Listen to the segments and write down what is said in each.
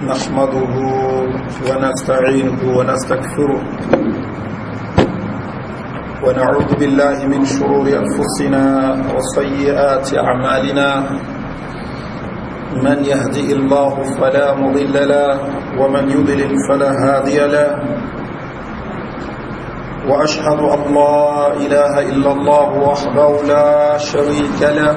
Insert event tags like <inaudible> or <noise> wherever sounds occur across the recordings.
نحمده ونستعينه ونستكثره ونعوذ بالله من شرور أنفسنا وسيئات أعمالنا من يهدئ الله فلا مضل له ومن يضلل فلا هادي له وأشهد أن لا إله إلا الله وحده لا شريك له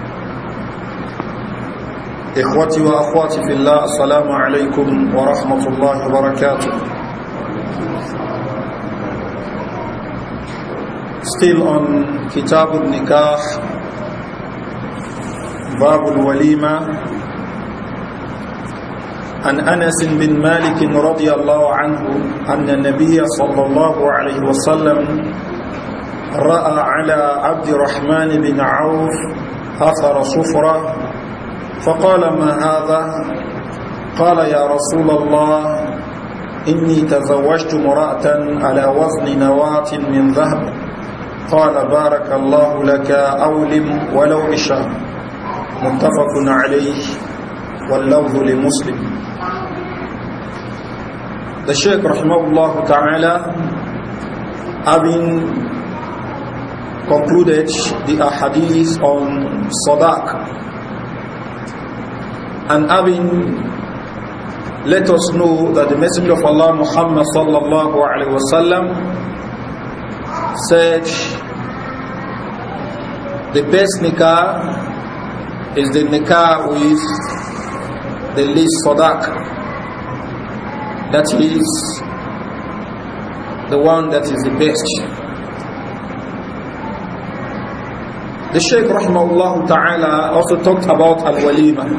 إخوتي وأخواتي في الله السلام عليكم ورحمة الله وبركاته Still on كتاب النكاح باب الوليمة عن أنس بن مالك رضي الله عنه أن النبي صلى الله عليه وسلم رأى على عبد الرحمن بن عوف أثر صفرة فقال ما هذا قال يا رسول الله إني تزوجت مرأة على وزن نواة من ذهب قال بارك الله لك أولم ولو بشهر متفق عليه واللوذ لمسلم The Shaykh الله ta'ala having concluded the hadith on Sadaq and having let us know that the Messenger of Allah Muhammad sallallahu alaihi wasallam said the best nikah is the nikah with the least sadaq that is the one that is the best the Shaykh rahimahullah ta'ala also talked about al-walima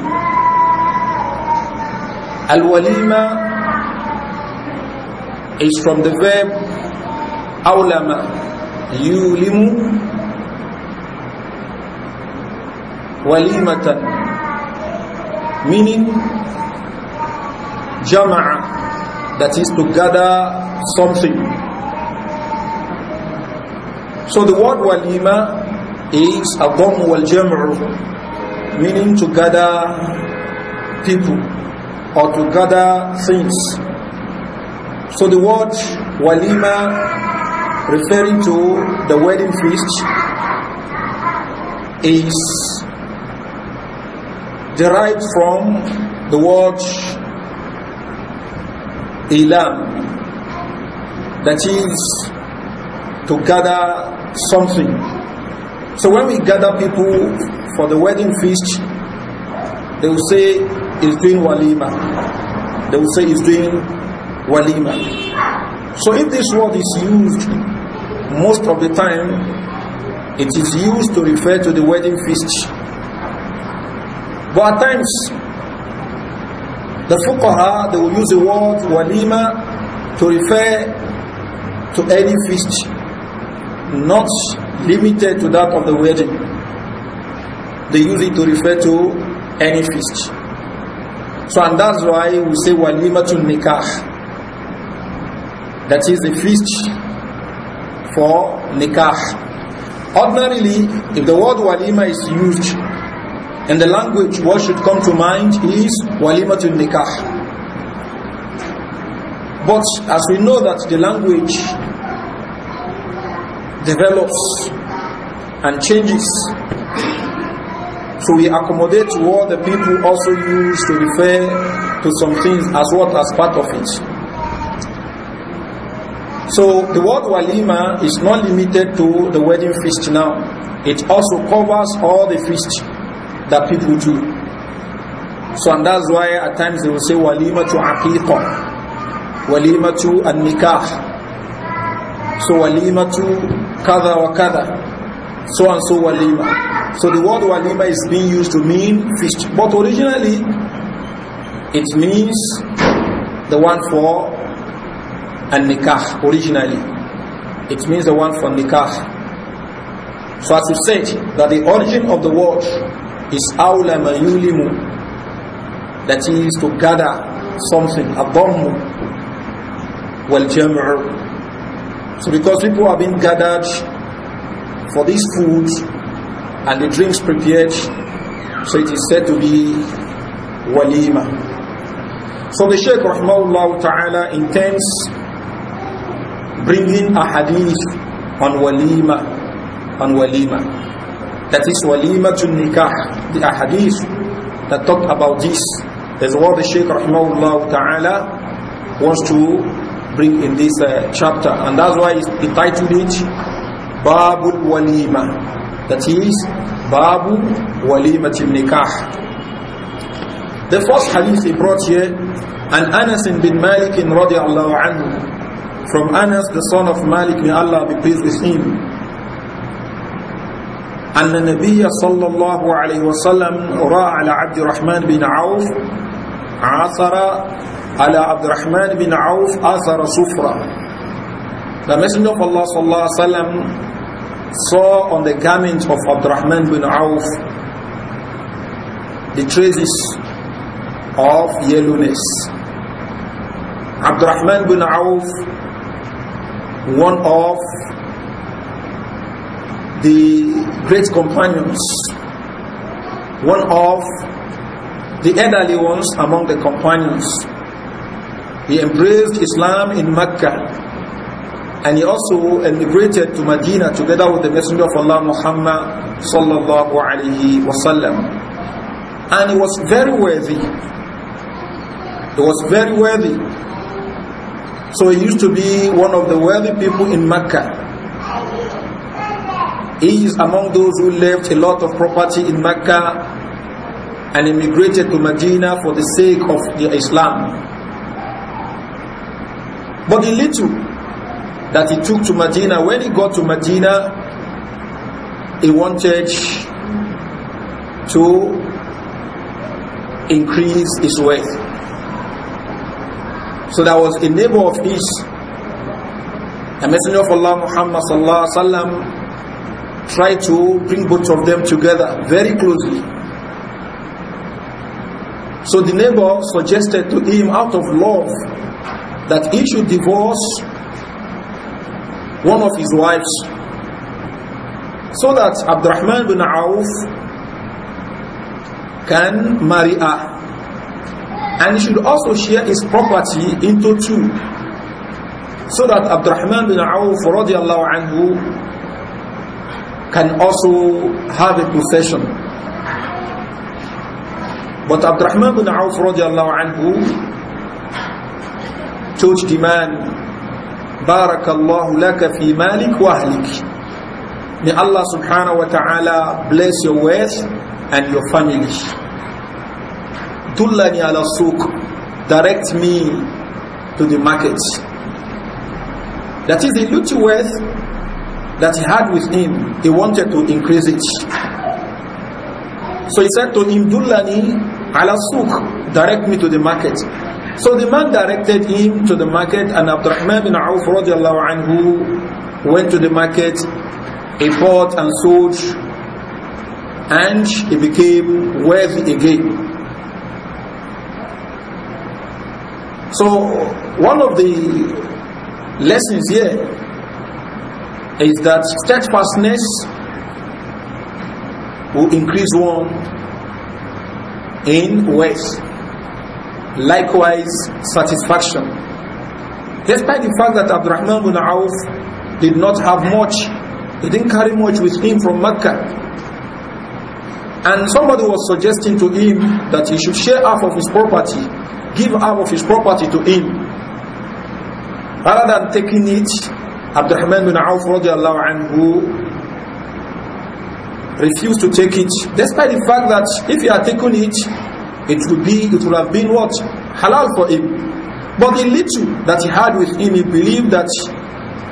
Al-walima is from the verb awlama yulimu walimatan meaning jama'a that is to gather something so the word walima is adhamu wal jam'u meaning to gather people or to gather things. So the word walima referring to the wedding feast is derived from the word ilam that is to gather something. So when we gather people for the wedding feast, they will say is doing walima. They will say he's doing walima. So if this word is used, most of the time, it is used to refer to the wedding feast. But at times, the fuqaha, they will use the word walima to refer to any feast, not limited to that of the wedding. They use it to refer to any feast. So, and that's why we say walimatun nikah. That is the feast for nikah. Ordinarily, if the word walima is used in the language, what should come to mind is walimatun nikah. But as we know that the language develops and changes, so we accommodate to what the people also use to refer to some things as what as part of it. So the word walima is not limited to the wedding feast now. It also covers all the feasts that people do. So and that's why at times they will say walima to aqiqah, walima to an nikah, so walima to kada wa kada so and so walima. So the word walima is being used to mean feast. But originally, it means the one for an nikah. Originally, it means the one for nikah. So as we said, that the origin of the word is awla mayulimu, that is to gather something, abommu, wal jam'u. So because people have been gathered for these foods and the drinks prepared. So it is said to be walima. So the Shaykh Rahmahullah Ta'ala intends bringing a hadith on walima, on walima. That is walima to nikah, the hadith that talked about this is what the Shaykh Rahmahullah Ta'ala wants to bring in this uh, chapter. And that's why he titled it باب الوليمة. That is Babu Walimatil Nikah. The first hadith he brought here, and Anas bin Malik in radiallahu anhu, from Anas the son of Malik, may Allah be pleased with him. أن النبي صلى الله عليه وسلم رأى على عبد الرحمن بن عوف عثر على عبد الرحمن بن عوف أثر صفرة The Messenger of Allah صلى الله عليه وسلم saw on the garment of Abdurrahman bin Auf the traces of yellowness. Abdurrahman bin Auf, one of the great companions, one of the elderly ones among the companions. He embraced Islam in Mecca and he also emigrated to Medina together with the Messenger of Allah Muhammad sallallahu alaihi wasallam. And he was very worthy. He was very worthy. So he used to be one of the wealthy people in Mecca. He is among those who left a lot of property in Mecca and immigrated to Medina for the sake of the Islam. But in little that he took to Medina. When he got to Medina, he wanted to increase his wealth. So that was a neighbor of his. The Messenger of Allah Muhammad sallallahu alaihi wasallam tried to bring both of them together very closely. So the neighbor suggested to him out of love that he should divorce one of his wives so that Abdurrahman bin Auf can marry her and he should also share his property into two so that Abdurrahman bin Auf radiallahu anhu can also have a possession but Abdurrahman bin Auf radiallahu anhu told the man Barakallahu laka fi malik wa ahlik. May Allah subhanahu wa ta'ala bless your wealth and your family. Dullani ala suq. Direct me to the market. That is the little wealth that he had with him. He wanted to increase it. So he said to him, Dullani ala suq. Direct me to the market. So the man directed him to the market and Abdurrahman bin Auf anhu went to the market, he bought and sold and he became wealthy again. So one of the lessons here is that steadfastness will increase one in wealth likewise satisfaction. Despite the fact that Abdurrahman bin Auf did not have much, he didn't carry much with him from Mecca. And somebody was suggesting to him that he should share half of his property, give half of his property to him. Rather than taking it, Abdurrahman bin Auf radiallahu anhu refused to take it, despite the fact that if he had taken it, it would be, it would have been what? Halal for him. But the little that he had with him, he believed that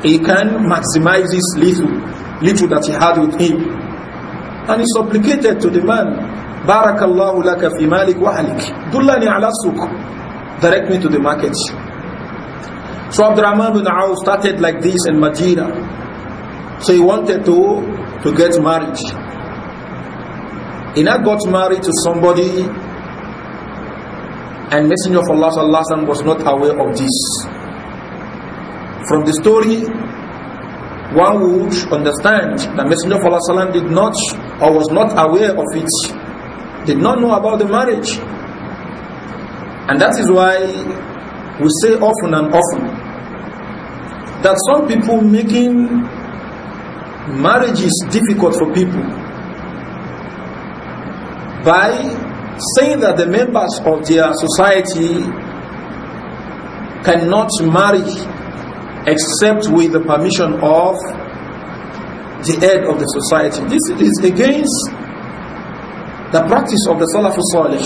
he can maximize this little, little that he had with him. And he supplicated to the man, Barakallahu laka fi malik wa ahlik. Dullani ala Direct me to the market. So Abdurrahman bin Auf started like this in Medina. So he wanted to, to get married. He now got married to somebody and Messenger of Allah sallallahu was not aware of this. From the story, one would understand that Messenger of Allah sallallahu did not or was not aware of it, did not know about the marriage. And that is why we say often and often that some people making marriage is difficult for people by saying that the members of their society cannot marry except with the permission of the head of the society. This is against the practice of the Salafus Salih.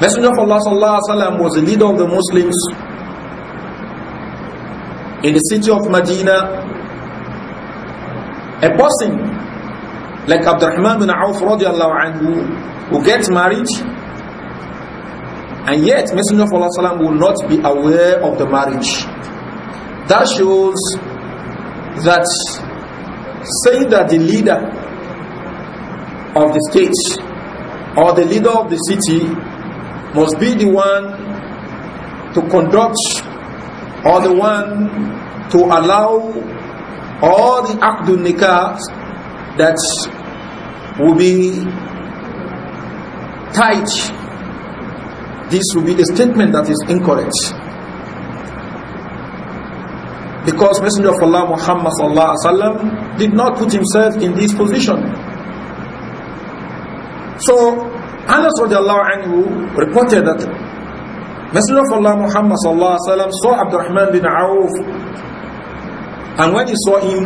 Messenger of Allah was the leader of the Muslims in the city of Medina. A person like Abdurrahman bin Auf radiallahu anhu will get married and yet Messenger of Allah will not be aware of the marriage. That shows that saying that the leader of the state or the leader of the city must be the one to conduct or the one to allow all the akdun nikah that will be tithe, this will be a statement that is incorrect. Because Messenger of Allah Muhammad sallallahu alaihi wasallam did not put himself in this position. So Anas radiallahu anhu reported that Messenger of Allah Muhammad sallallahu alaihi wasallam saw Abdurrahman bin Auf and when he saw him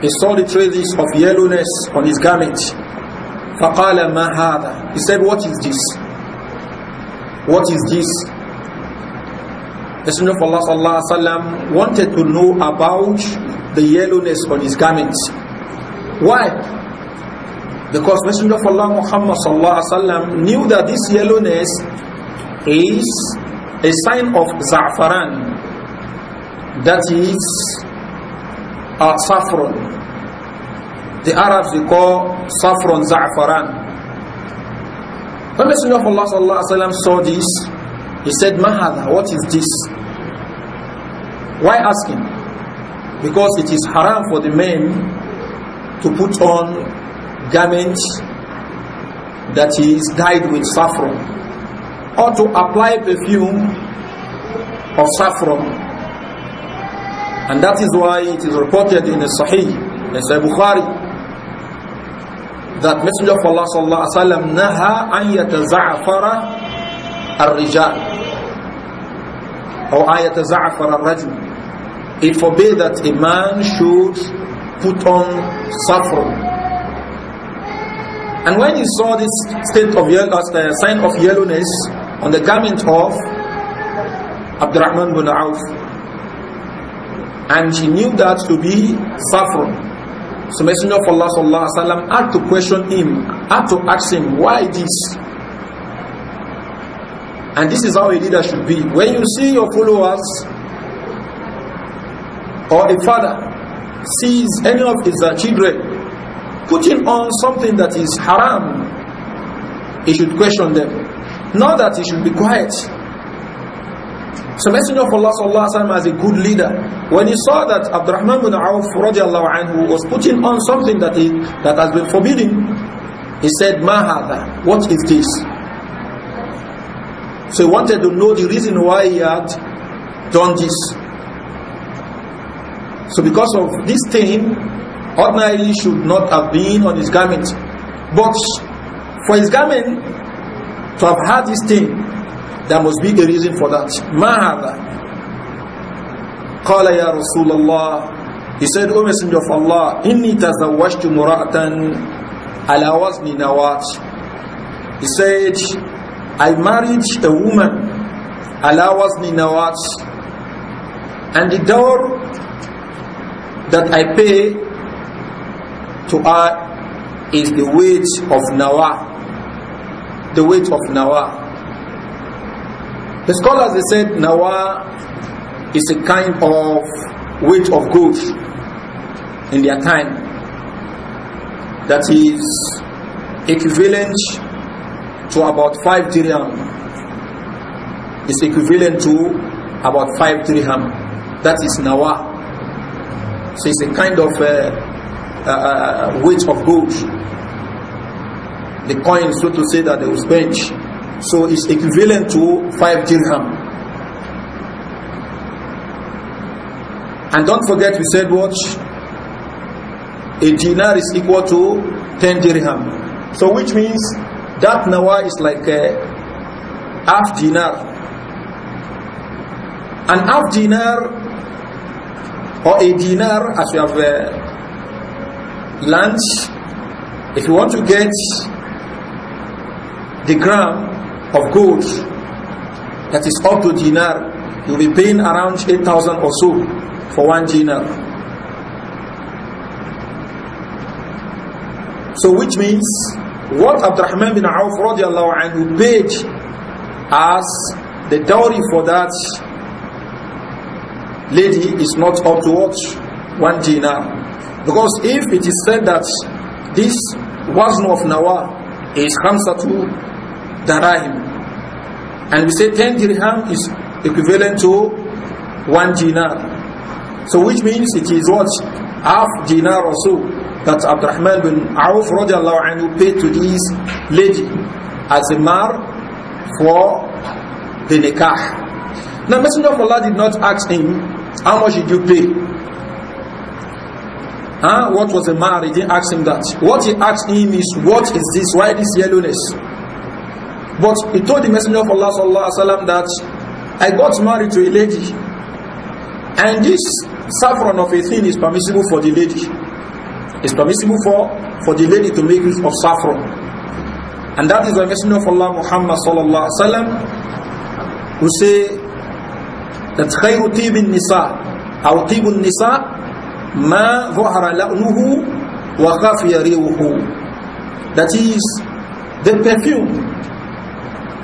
he saw the traces of yellowness on his garment فَقَالَ مَا هَذَا He said, what is this? What is this? The Messenger of Allah sallallahu alaihi wasallam wanted to know about the yellowness on his garments. Why? Because Messenger of Allah Muhammad sallallahu alaihi wasallam knew that this yellowness is a sign of za'faran that is a uh, saffron the Arabs they call saffron za'faran. When Messenger of Allah sallallahu alaihi wasallam saw this, he said, "Mahada, what is this?" Why asking? Because it is haram for the men to put on garments that is dyed with saffron, or to apply perfume of saffron. And that is why it is reported in the Sahih, in Sahih Bukhari, that Messenger of Allah sallallahu alaihi wasallam naha an yataza'fara ar-rijal or an yataza'fara ar-rajul it forbid that a man should put on saffron and when he saw this state of yellow, uh, sign of yellowness on the garment of Abdurrahman bin Auf, and he knew that to be saffron, so Messenger of Allah sallallahu alaihi wasallam had to question him, had to ask him, why this? And this is how a leader should be. When you see your followers or a father sees any of his uh, children putting on something that is haram, he should question them. Not that he should be quiet. So Messenger of Allah sallallahu alaihi wasallam as a good leader, when he saw that Abdurrahman bin Auf radiallahu anhu was putting on something that he, that has been forbidden, he said, Mahada, what is this? So he wanted to know the reason why he had done this. So because of this thing, ordinarily should not have been on his garment. But for his garment to have had this thing. There must be a reason for that. Mahada. قال يا رسول الله He said, O Messenger of Allah, إني تزوجت مرأة على وزن نوات He said, I married a woman على وزن نوات and the door that I pay to her is the weight of Nawa the weight of Nawa the scholars they said nawa is a kind of weight of gold in their time that is equivalent to about five dirham. Is equivalent to about five dirham. That is nawa. So it's a kind of uh, uh, uh, uh weight of gold. The coin, so to say, that they will spend so it's equivalent to 5 dirham. And don't forget we said what? A dinar is equal to 10 dirham. So which means that nawa is like a uh, half dinar. An half dinar or a dinar as you have uh, lunch, if you want to get the gram, of gold that is up to dinar, you'll be paying around 8,000 or so for one dinar. So which means what Abdurrahman bin Auf radiallahu anhu paid as the dowry for that lady is not up to what? One dinar. Because if it is said that this wazn of nawa is Hamsatu dirham. And we say 10 dirham is equivalent to 1 dinar. So which means it is what? Half dinar or so that Abdurrahman bin Auf radiallahu anhu paid to this lady as a mar for the nikah. Now Messenger of Allah did not ask him, how much did you pay? Huh? What was the mar? He didn't ask him that. What he asked him is, what is this? Why this yellowness? But he told the Messenger of Allah sallallahu alaihi wasallam that I got married to a lady, and this saffron of a thing is permissible for the lady. It's permissible for for the lady to make use of saffron, and that is the Messenger of Allah Muhammad sallallahu alaihi wasallam who say that khayru tibin nisa, أو طيب النساء ما ظهر لأنه وخفي ريحه. That is the perfume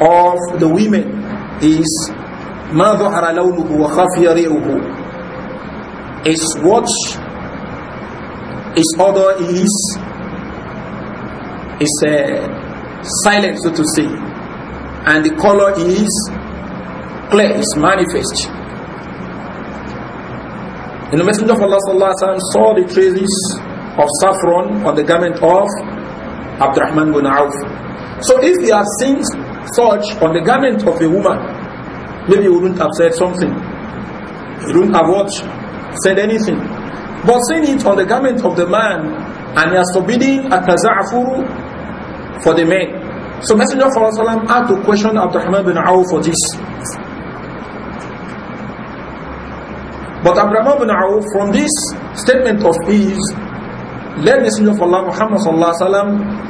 of the women is ما ظهر لونه وخفي ريعه is what other is is uh, silent so to say and the color is clear is manifest and the messenger of Allah sallallahu alaihi wasallam saw the traces of saffron on the garment of Abdurrahman bin Auf so if they are sins such on the garment of a woman, maybe you wouldn't have said something. You wouldn't have what? Said anything. But saying it on the garment of the man, and he has forbidden at taza'afuru for the men. So Messenger of Allah had to question Abdurrahman bin Auf for this. But Abdurrahman bin Auf, from this statement of his, let Messenger of Allah Muhammad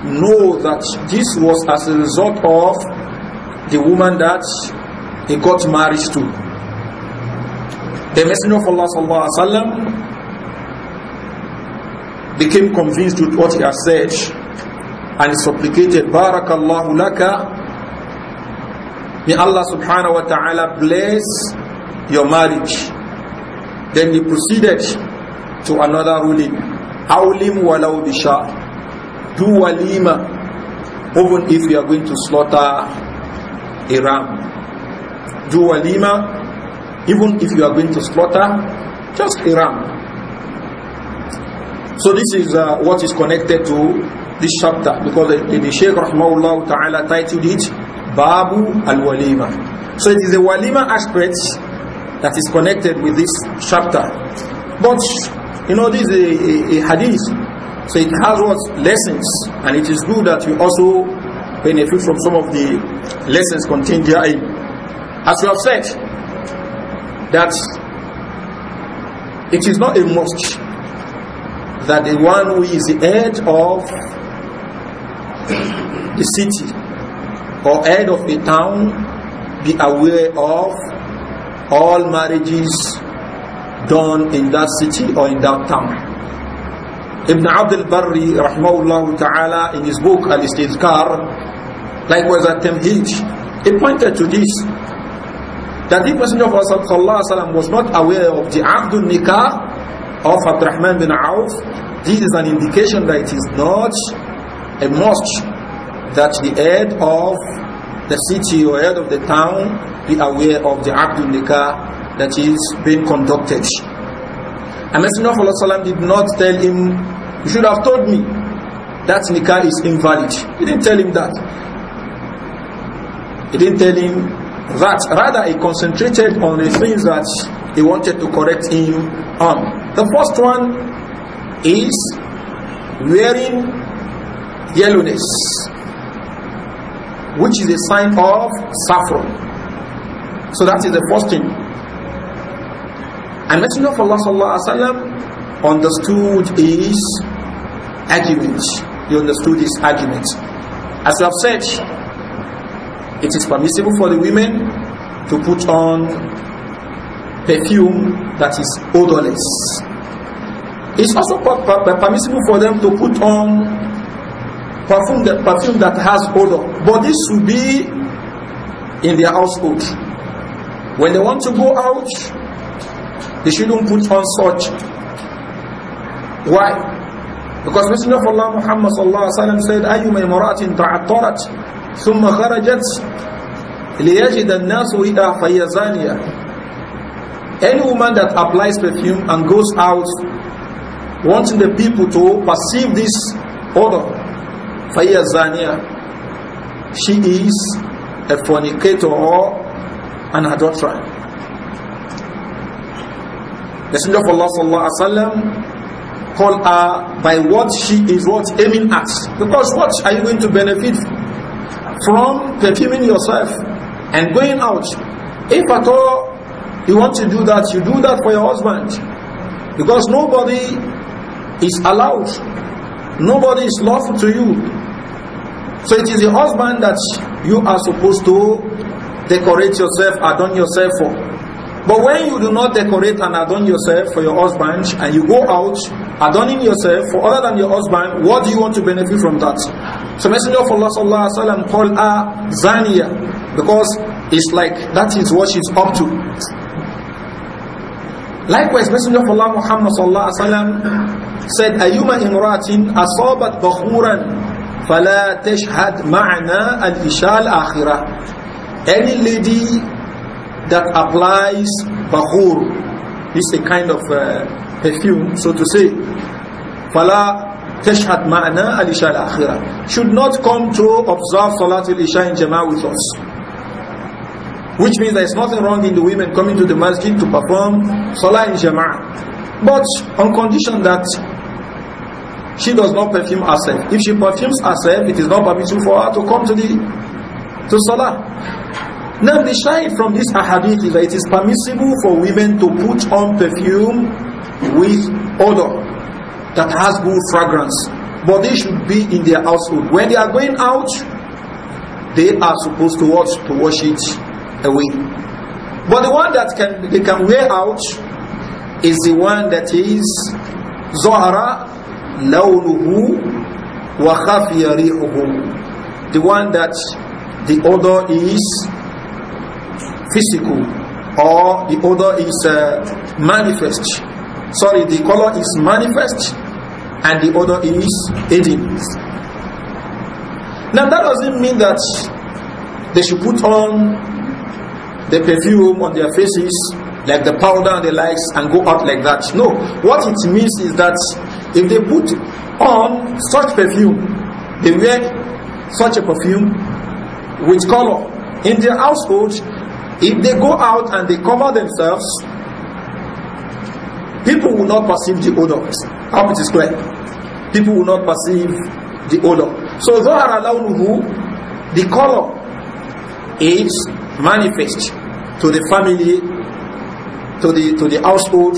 know that this was as a result of the woman that he got married to. The Messenger of Allah sallallahu alaihi wasallam became convinced with what he had said and supplicated, Barakallahu laka, may Allah subhanahu wa ta'ala bless your marriage. Then he proceeded to another ruling. Awlim walau bishar. Do walima, even if you are going to slaughter a ram. Do walima, even if you are going to slaughter, just a ram. So this is uh, what is connected to this chapter because the, the Shaykh Rahmahullah Ta'ala titled it Babu Al-Walima. So it is the walima aspect that is connected with this chapter. But, you know, this is a, a, a hadith. So it has what? Lessons. And it is good that you also benefit from some of the lessons contained therein. As we have said, that it is not a must that the one who is the head of the city or head of the town be aware of all marriages done in that city or in that town. Ibn Abdul Barri, rahmahullah ta'ala, in his book Al-Istidkar, Likewise at Tamheed, he pointed to this, that the Messenger of Allah was not aware of the Abdul Nikah of Abdurrahman bin Auf. This is an indication that it is not a must that the head of the city or head of the town be aware of the Abdul Nikah that is being conducted. And Messenger of Allah did not tell him, you should have told me that Nikah is invalid. He didn't tell him that. He didn't tell him that. Rather, he concentrated on the things that he wanted to correct him on. The first one is wearing yellowness, which is a sign of saffron. So that is the first thing. And Messenger of Allah sallallahu alaihi wasallam understood his argument. He understood his argument. As I have said, it is permissible for the women to put on perfume that is odorless. It's also permissible for them to put on perfume that, perfume that has odor, but this should be in their household. When they want to go out, they shouldn't put on such. Why? Because Messenger of Allah Muhammad said, أَيُّمَا مَرَأَةٍ تَعَطَّرَتْ ثم خرجت ليجد الناس ريحا فهي زانية any woman that applies perfume and goes out wanting the people to perceive this odor faya zania she is a fornicator or an adulterer the messenger of allah sallallahu alaihi wasallam called her by what she is what aiming at because what are you going to benefit from perfuming yourself and going out. If at all you want to do that, you do that for your husband. Because nobody is allowed. Nobody is lawful to you. So it is the husband that you are supposed to decorate yourself, adorn yourself for. But when you do not decorate and adorn yourself for your husband and you go out adorning yourself for other than your husband, what do you want to benefit from that? So Messenger of Allah sallallahu alaihi wasallam called her Zania because it's like that is what she's up to. Likewise, Messenger of Allah Muhammad sallallahu alaihi wasallam said, "Ayuma imratin asabat bakhuran fala tashhad ma'ana al-ishal akhirah." Any lady that applies bahur. is a kind of uh, perfume, so to say. فَلَا تَشْهَدْ مَعْنَا الْإِشَاءِ الْأَخِرَةِ Should not come to observe Salatul Isha in Jama'ah with us. Which means there is nothing wrong in the women coming to the masjid to perform Salah in Jama'ah. But on condition that she does not perfume herself. If she perfumes herself, it is not permissible for her to come to the to Salah. Now the shahid from this ahadith is that it is permissible for women to put on perfume with odor that has good fragrance. But they should be in their household. When they are going out, they are supposed to wash to wash it away. But the one that can they can wear out is the one that is Zohara Launuhu Wakhafiya The one that the odor is physical or the other is uh, manifest. Sorry, the color is manifest and the other is hidden. Now that doesn't mean that they should put on the perfume on their faces like the powder and the lights, and go out like that. No, what it means is that if they put on such perfume, they wear such a perfume with color in their household, if they go out and they cover themselves, people will not perceive the odor. How it is clear? People will not perceive the odor. So ظهر لونه, the color, is manifest to the family, to the to the household.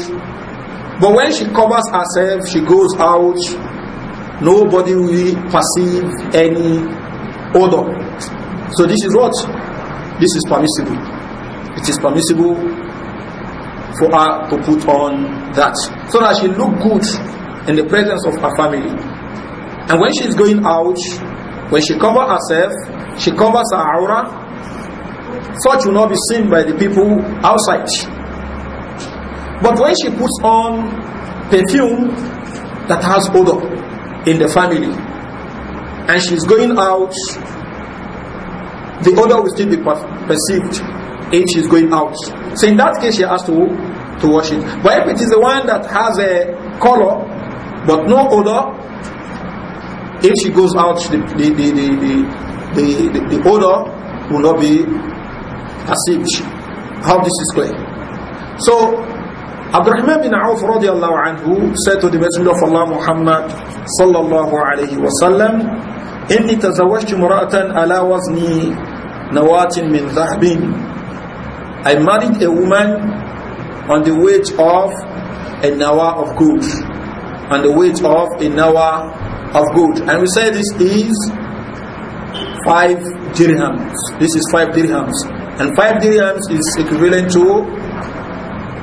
But when she covers herself, she goes out. Nobody will perceive any odor. So this is what this is permissible it is permissible for her to put on that so that she look good in the presence of her family and when she's going out when she covers herself she covers her aura such will not be seen by the people outside but when she puts on perfume that has odor in the family and she's going out the odor will still be perceived if is going out. So in that case, she has to, to wash it. But if it is the one that has a color but no odor, if she goes out, the, the, the, the, the, the, the odor will not be perceived. How this is clear. So, Abdurrahman bin Auf radiallahu anhu said to the Messenger of Allah Muhammad sallallahu alayhi wa sallam, إِنِّي تَزَوَّجْتُ مُرَأَةً عَلَى وَزْنِي نَوَاتٍ مِّن ذَهْبٍ I married a woman on the weight of an hour of gold, on the weight of an hour of gold. And we say this is five dirhams. This is five dirhams. And five dirhams is equivalent to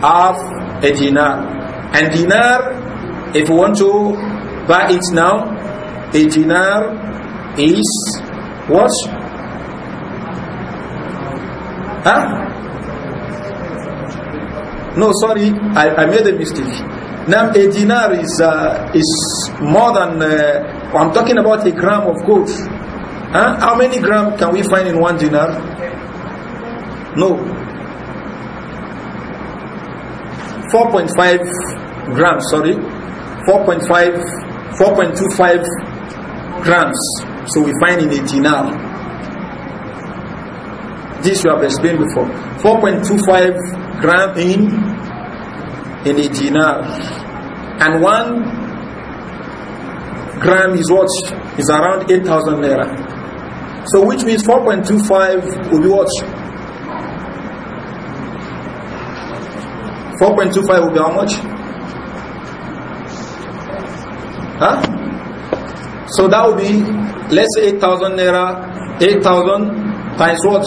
half a dinar. And dinar, if you want to buy it now, a dinar is what? Huh? No, sorry, I, I made a mistake. Now a dinar is uh, is more than uh, I'm talking about a gram of gold. Huh? How many gram can we find in one dinar? No. 4.5 grams, sorry. 4.5 4.25 grams. So we find in a dinar. This you have explained before. 4.25 gram in in a dinar. And one gram is what? Is around 8,000 naira. So which means 4.25 will be what? 4.25 will be how much? Huh? So that will be, let's say 8,000 naira, 8,000 times what?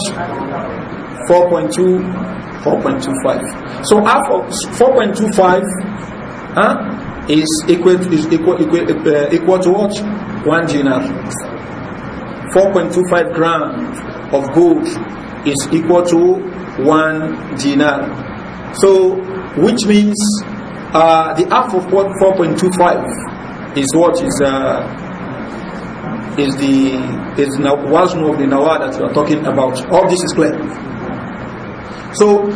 4.2, 4.25. So half of 4.25 huh, is equal to, is equal, equal, uh, equal to what? One dinar. 4.25 gram of gold is equal to one dinar. So, which means uh, the half of what 4.25 is what is uh, is the is waznu of the nawa that we are talking about. All this is clear. So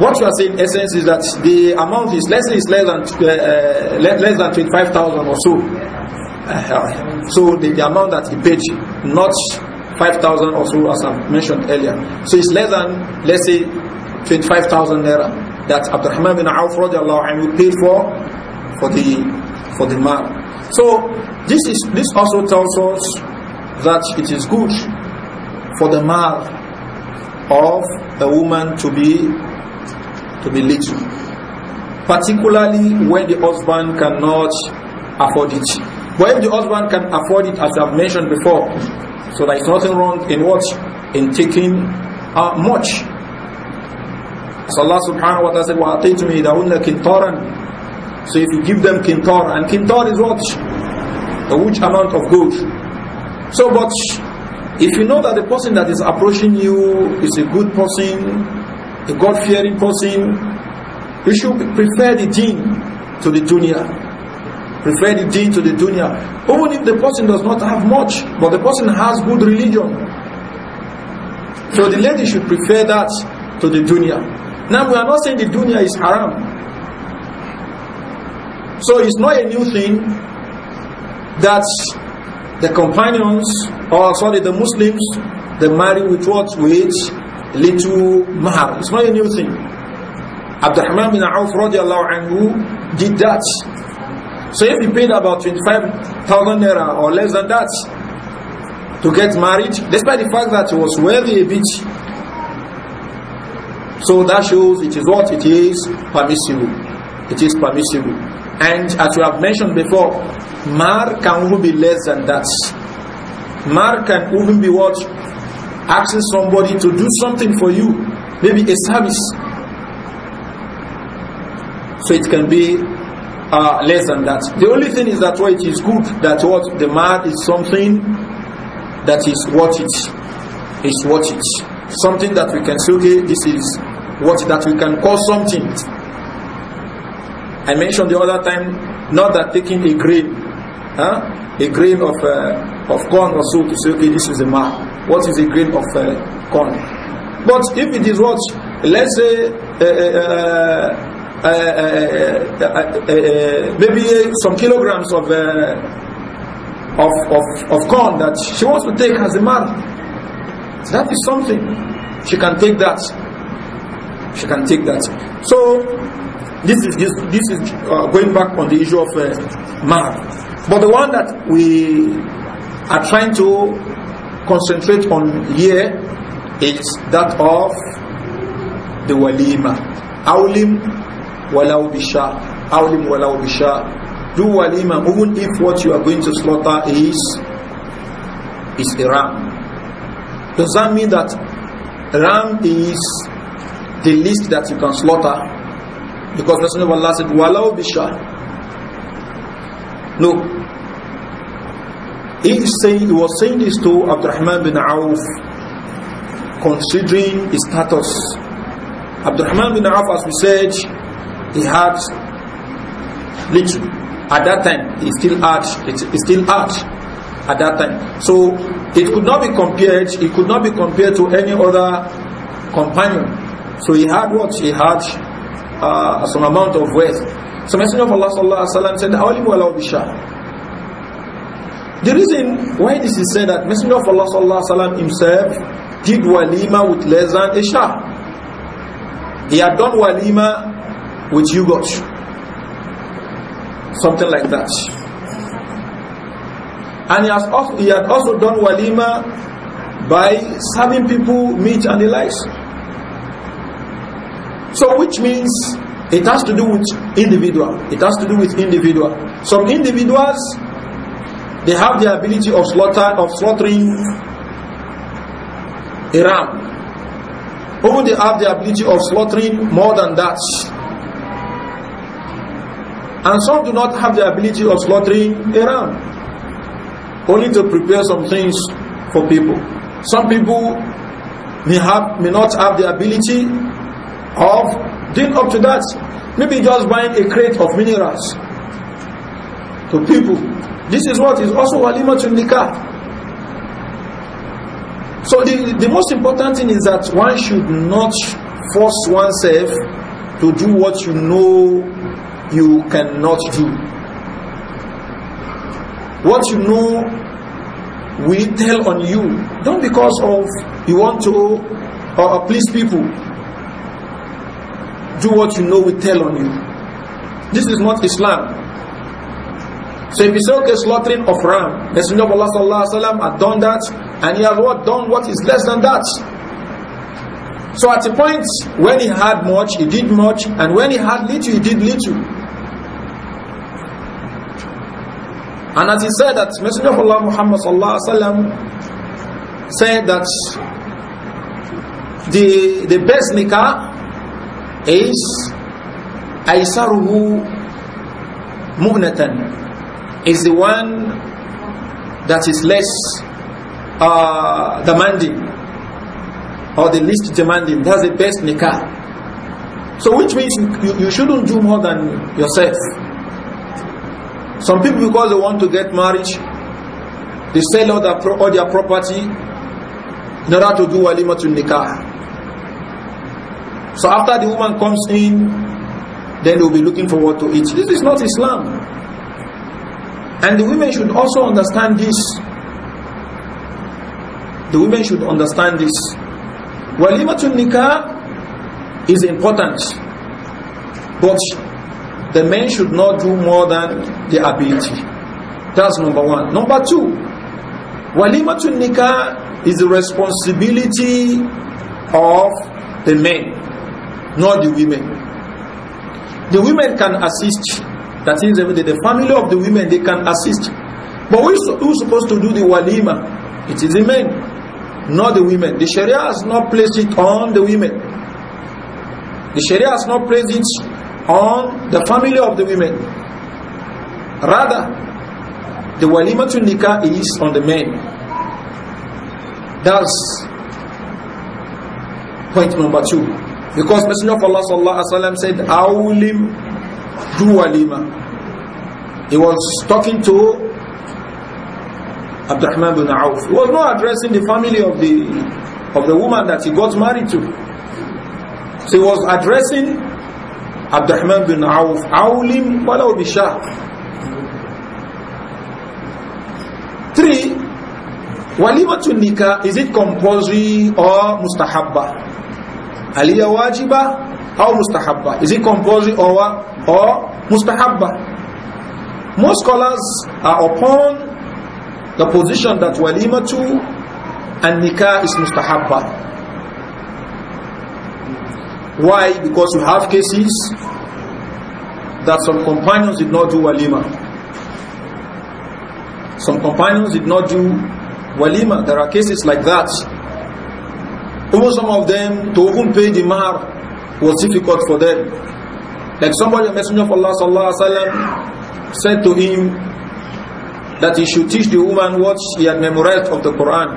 what you are saying, essence, is that the amount is less is less than uh, uh less than twenty five thousand or so. Uh, so the, the amount that he paid, not five thousand or so, as I mentioned earlier. So it's less than let's say twenty five thousand naira that Abdurrahman bin Auf radiallahu anhu paid for for the for the man. So this is this also tells us that it is good for the mouth of a woman to be to be little, particularly when the husband cannot afford it. But if the husband can afford it, as I've mentioned before, so there is nothing wrong in what in taking uh, much. So Allah Subhanahu wa Taala said, "Wa ataytum idahunna kintaran." So if you give them kintar, and kintar is what? A huge amount of gold. So but if you know that the person that is approaching you is a good person, a God-fearing person, you should prefer the deen to the dunya. Prefer the deen to the dunya. Even if the person does not have much, but the person has good religion. So the lady should prefer that to the dunya. Now we are not saying the dunya is haram. So it's not a new thing that the companions, or sorry, the Muslims, they marry with what? With little mahar. It's not a new thing. Abdurrahman bin Auf radiallahu anhu did that. So if he paid about 25,000 naira or less than that to get married, despite the fact that he was wealthy a bit, so that shows it is what it is permissible. It is permissible. And as we have mentioned before, mar can even be less than that. Mar can even be what? Asking somebody to do something for you, maybe a service. So it can be uh, less than that. The only thing is that what it is good that what the mar is something that is worth it. It's worth it. Something that we can say, okay, this is what that we can call something I mentioned the other time, not that taking a grain, huh? a grain of uh, of corn or so to say, okay, this is a mark. What is a grain of uh, corn? But if it is what, let's say, uh, uh, uh, uh maybe some kilograms of, of of of corn that she wants to take as a mark, that is something. She can take that. She can take that. So this is this, this is uh, going back on the issue of uh, But the one that we are trying to concentrate on here is that of the walima. Awlim walau bisha, Awlim walau bisha, Do walima even if what you are going to slaughter is is a ram. Does that mean that ram is the least that you can slaughter? Because the of Allah said, Walau bishar. Look, he, saying, he was saying this to Abdurrahman bin Auf, considering his status. Abdurrahman bin Auf, as we said, he had little. At that time, he still had, he still had at that time. So it could not be compared, it could not be compared to any other companion. So he had what? He had uh, some amount of wealth. So Messenger of Allah sallallahu alaihi wasallam said, "Awalimu ala bishar." The reason why this is said that Messenger of Allah sallallahu alaihi wasallam himself did walima with less than a shah. He had done walima with yogurt, something like that. And he, has also, he had also done walima by serving people meat and the likes. So which means it has to do with individual. It has to do with individual. Some individuals, they have the ability of slaughter of slaughtering a ram. Or they have the ability of slaughtering more than that. And some do not have the ability of slaughtering a ram. Only to prepare some things for people. Some people may have may not have the ability of deal up to that. Maybe just buying a crate of minerals to people. This is what is also walima to nikah. So the, the most important thing is that one should not force oneself to do what you know you cannot do. What you know will tell on you. Don't because of you want to uh, please people do what you know will tell on you. This is not Islam. So if you say, okay, slaughtering of ram, the Messenger of Allah sallallahu alayhi wa sallam had done that, and he had what, done what is less than that. So at a point, when he had much, he did much, and when he had little, he did little. And as he said that, Messenger of Allah Muhammad sallallahu alayhi wa sallam said that the, the best nikah is Aisaruhu Mu'natan is the one that is less uh, demanding or the least demanding. That's the best nikah. So which means you, you shouldn't do more than yourself. Some people because they want to get married, they sell all their, all their property in order to do to nikah. So after the woman comes in, then they'll be looking for what to eat. This is not Islam. And the women should also understand this. The women should understand this. Walimatul nikah is important. But the men should not do more than the ability. That's number one. Number two, walimatul nikah is the responsibility of the men not the women. The women can assist. That is, the family of the women, they can assist. But who is, who is supposed to do the walima? It is the men, not the women. The Sharia has not placed it on the women. The Sharia has not placed it on the family of the women. Rather, the walima to nikah is on the men. That's point number two. Because Messenger of Allah sallallahu alaihi wasallam said, "Awlim duwalima." He was talking to Abdurrahman bin Auf. He was not addressing the family of the of the woman that he got married to. So he was addressing Abdurrahman bin Auf. Awlim walau bishah. Three, walima tu nikah, is it compulsory or mustahabbah? Aliya wajiba or mustahabba? Is it compulsory or or mustahabba? Most scholars are upon the position that walima too and nikah is mustahabba. Why? Because you have cases that some companions did not do walima. Some companions did not do walima. There are cases like that. Even some of them, to even pay the mar was difficult for them. Like somebody, a messenger of Allah sallallahu alaihi wasallam, said to him that he should teach the woman what he had memorized of the Quran.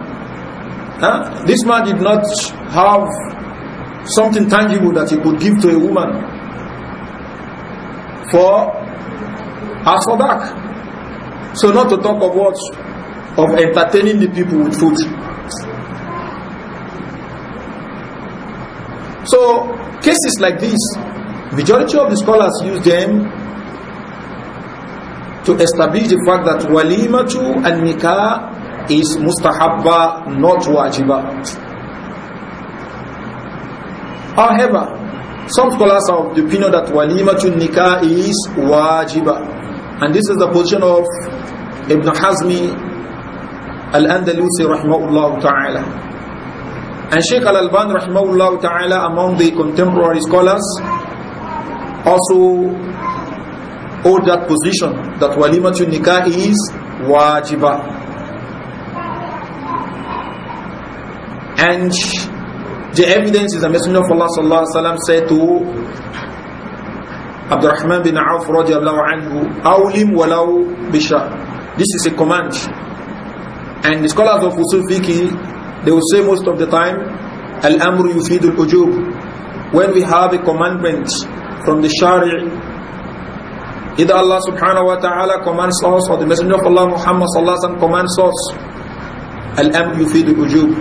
Huh? This man did not have something tangible that he could give to a woman for as for back. So not to talk what of entertaining the people with food. So cases like this, majority of the scholars use them to establish the fact that walimatu and nikah is mustahabba, not wajiba. However, some scholars are of the opinion that walimatu nikah is wajiba. And this is the position of Ibn Hazmi Al-Andalusi rahimahullah ta'ala. And Sheikh Al-Alban rahimahullah ta'ala among the contemporary scholars also hold that position that walimatu nikah is wajibah. And the evidence is the Messenger of Allah sallallahu alaihi wasallam said to Abdurrahman bin Auf radiallahu anhu, Awlim walau bisha. This is a command. And the scholars of Usul Fiqh they will say most of the time, Al-amru yufidul ujub. When we have a commandment from the Shari', either Allah subhanahu wa ta'ala commands us or the Messenger of Allah Muhammad sallallahu wa wasallam commands us, Al-amru yufidul ujub.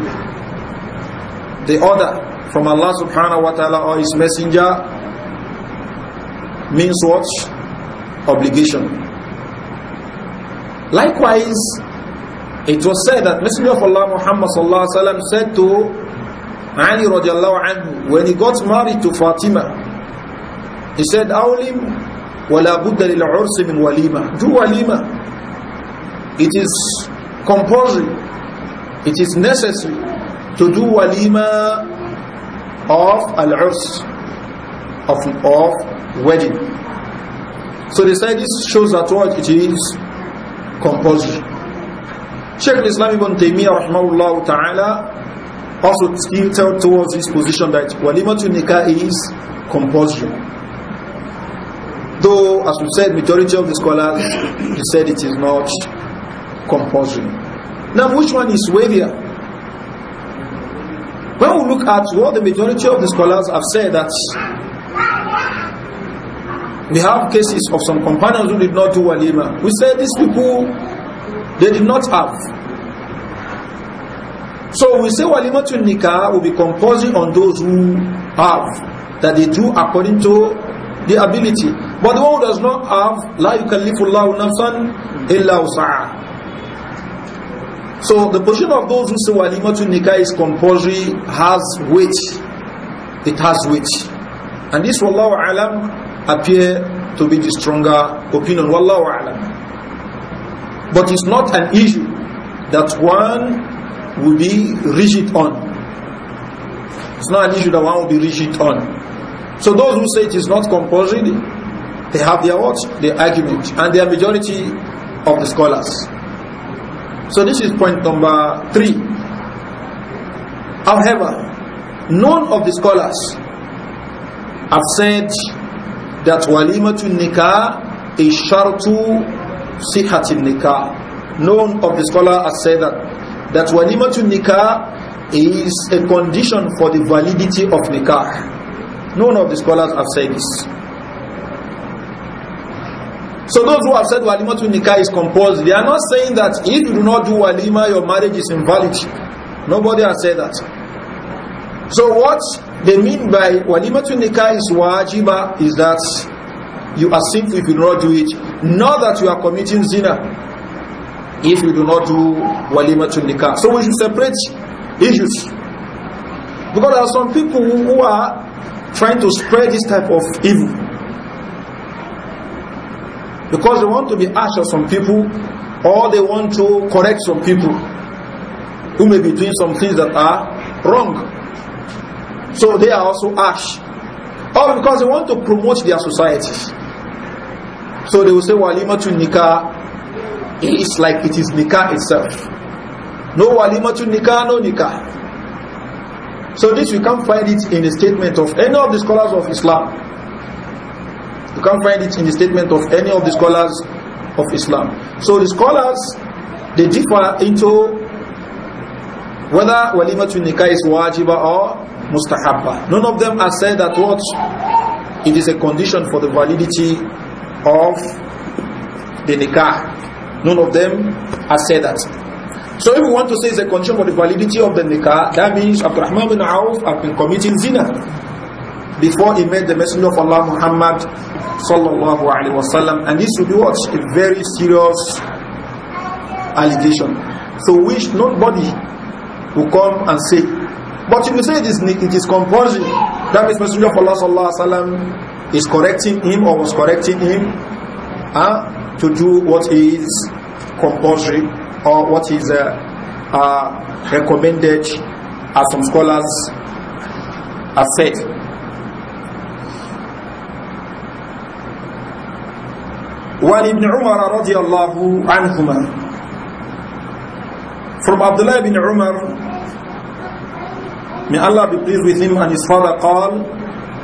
The order from Allah subhanahu wa ta'ala or His Messenger means what? Obligation. Likewise, it was said that Messenger of Allah Muhammad sallallahu alaihi wasallam said to Ali radiallahu anhu when he got married to Fatima, he said, "Awlim, wala budda lil ursi min walima." Do walima. It is compulsory. It is necessary to do walima of al-urs of of wedding. So they said this shows that what it is compulsory. Sheikh Islam ibn Taymiyyah rahmahullah ta'ala also tilted towards his position that walimatu nikah is compulsion. Though, as we said, majority of the scholars he <coughs> said it is not compulsion. Now, which one is weightier? When we look at what the majority of the scholars have said that we have cases of some companions who did not do walima. We said these people they did not have. So we say walimatun nikah will be composing on those who have, that they do according to the ability. But the one who does not have, la yukallifullahu nafsan illa usa'a. So the position of those who say walimatun nikah is compulsory has weight. It has weight. And this, wallahu alam, appear to be the stronger opinion. Wallahu alam. But it's not an issue that one will be rigid on. It's not an issue that one will be rigid on. So those who say it is not compulsory, they have their what? Their argument and their majority of the scholars. So this is point number three. However, none of the scholars have said that walimatun nikah is shartu Sihatin nikah. known of the scholar has said that that walimatul nikah is a condition for the validity of nikah none of the scholars have said this so those who have said walimatul nikah is composed, they are not saying that if you do not do walima your marriage is invalid nobody has said that so what they mean by walimatul nikah is wajiba is that you are sinful if you do not do it Know that you are committing zina if you do not do to nikah. So we should separate issues. Because there are some people who are trying to spread this type of evil. Because they want to be harsh on some people or they want to correct some people who may be doing some things that are wrong. So they are also harsh. Or because they want to promote their societies. So they will say walima to nikah is like it is nikah itself. No walima to nikah, no nikah. So this you can't find it in the statement of any of the scholars of Islam. You can't find it in the statement of any of the scholars of Islam. So the scholars, they differ into whether walima to nikah is wajiba or mustahabba. None of them has said that what? It is a condition for the validity of the nikah. None of them has said that. So if we want to say it's a condition for the validity of the nikah, that means Abdurrahman bin Auf had been committing zina before he met the Messenger of Allah Muhammad sallallahu alaihi wasallam, and this would be what a very serious allegation. So which nobody will come and say. But if you say it is, it is compulsory, that means Messenger of Allah sallallahu alaihi wasallam is correcting him or was correcting him uh, to do what is compulsory or what is uh, uh, recommended as some scholars have said. وعن ابن عمر رضي الله عنهما From Abdullah ibn Umar May Allah be pleased with him and his father قال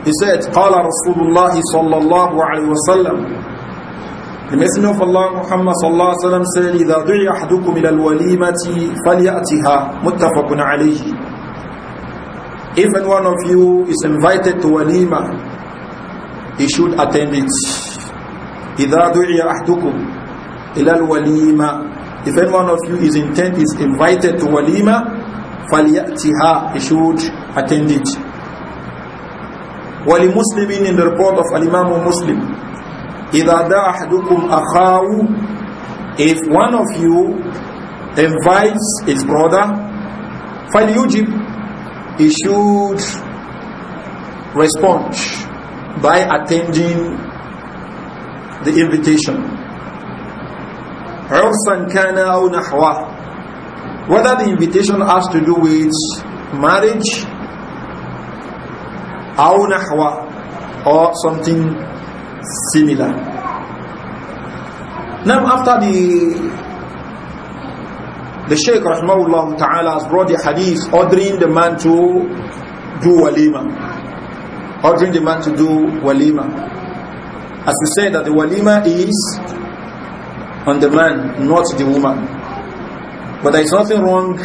he said, قال رسول الله صلى الله عليه وسلم The Messenger of Allah Muhammad صلى الله عليه وسلم said, إذا دعي أحدكم إلى الوليمة فليأتها متفق عليه If any one of you is invited to walima, he should attend it. إذا دعي أحدكم إلى الوليمة If any one of you is intent is invited to walima, فليأتها he should attend it. ولمسلم in the report of Imam Muslim إذا دعا أحدكم أخاه if one of you invites his brother فليجب he should respond by attending the invitation عرفا كان أو نحوه whether the invitation has to do with marriage أو or something similar now after the the Shaykh rahmahullah ta'ala has brought the hadith ordering the man to do walima ordering the man to do walima as we said that the walima is on the man not the woman but there is nothing wrong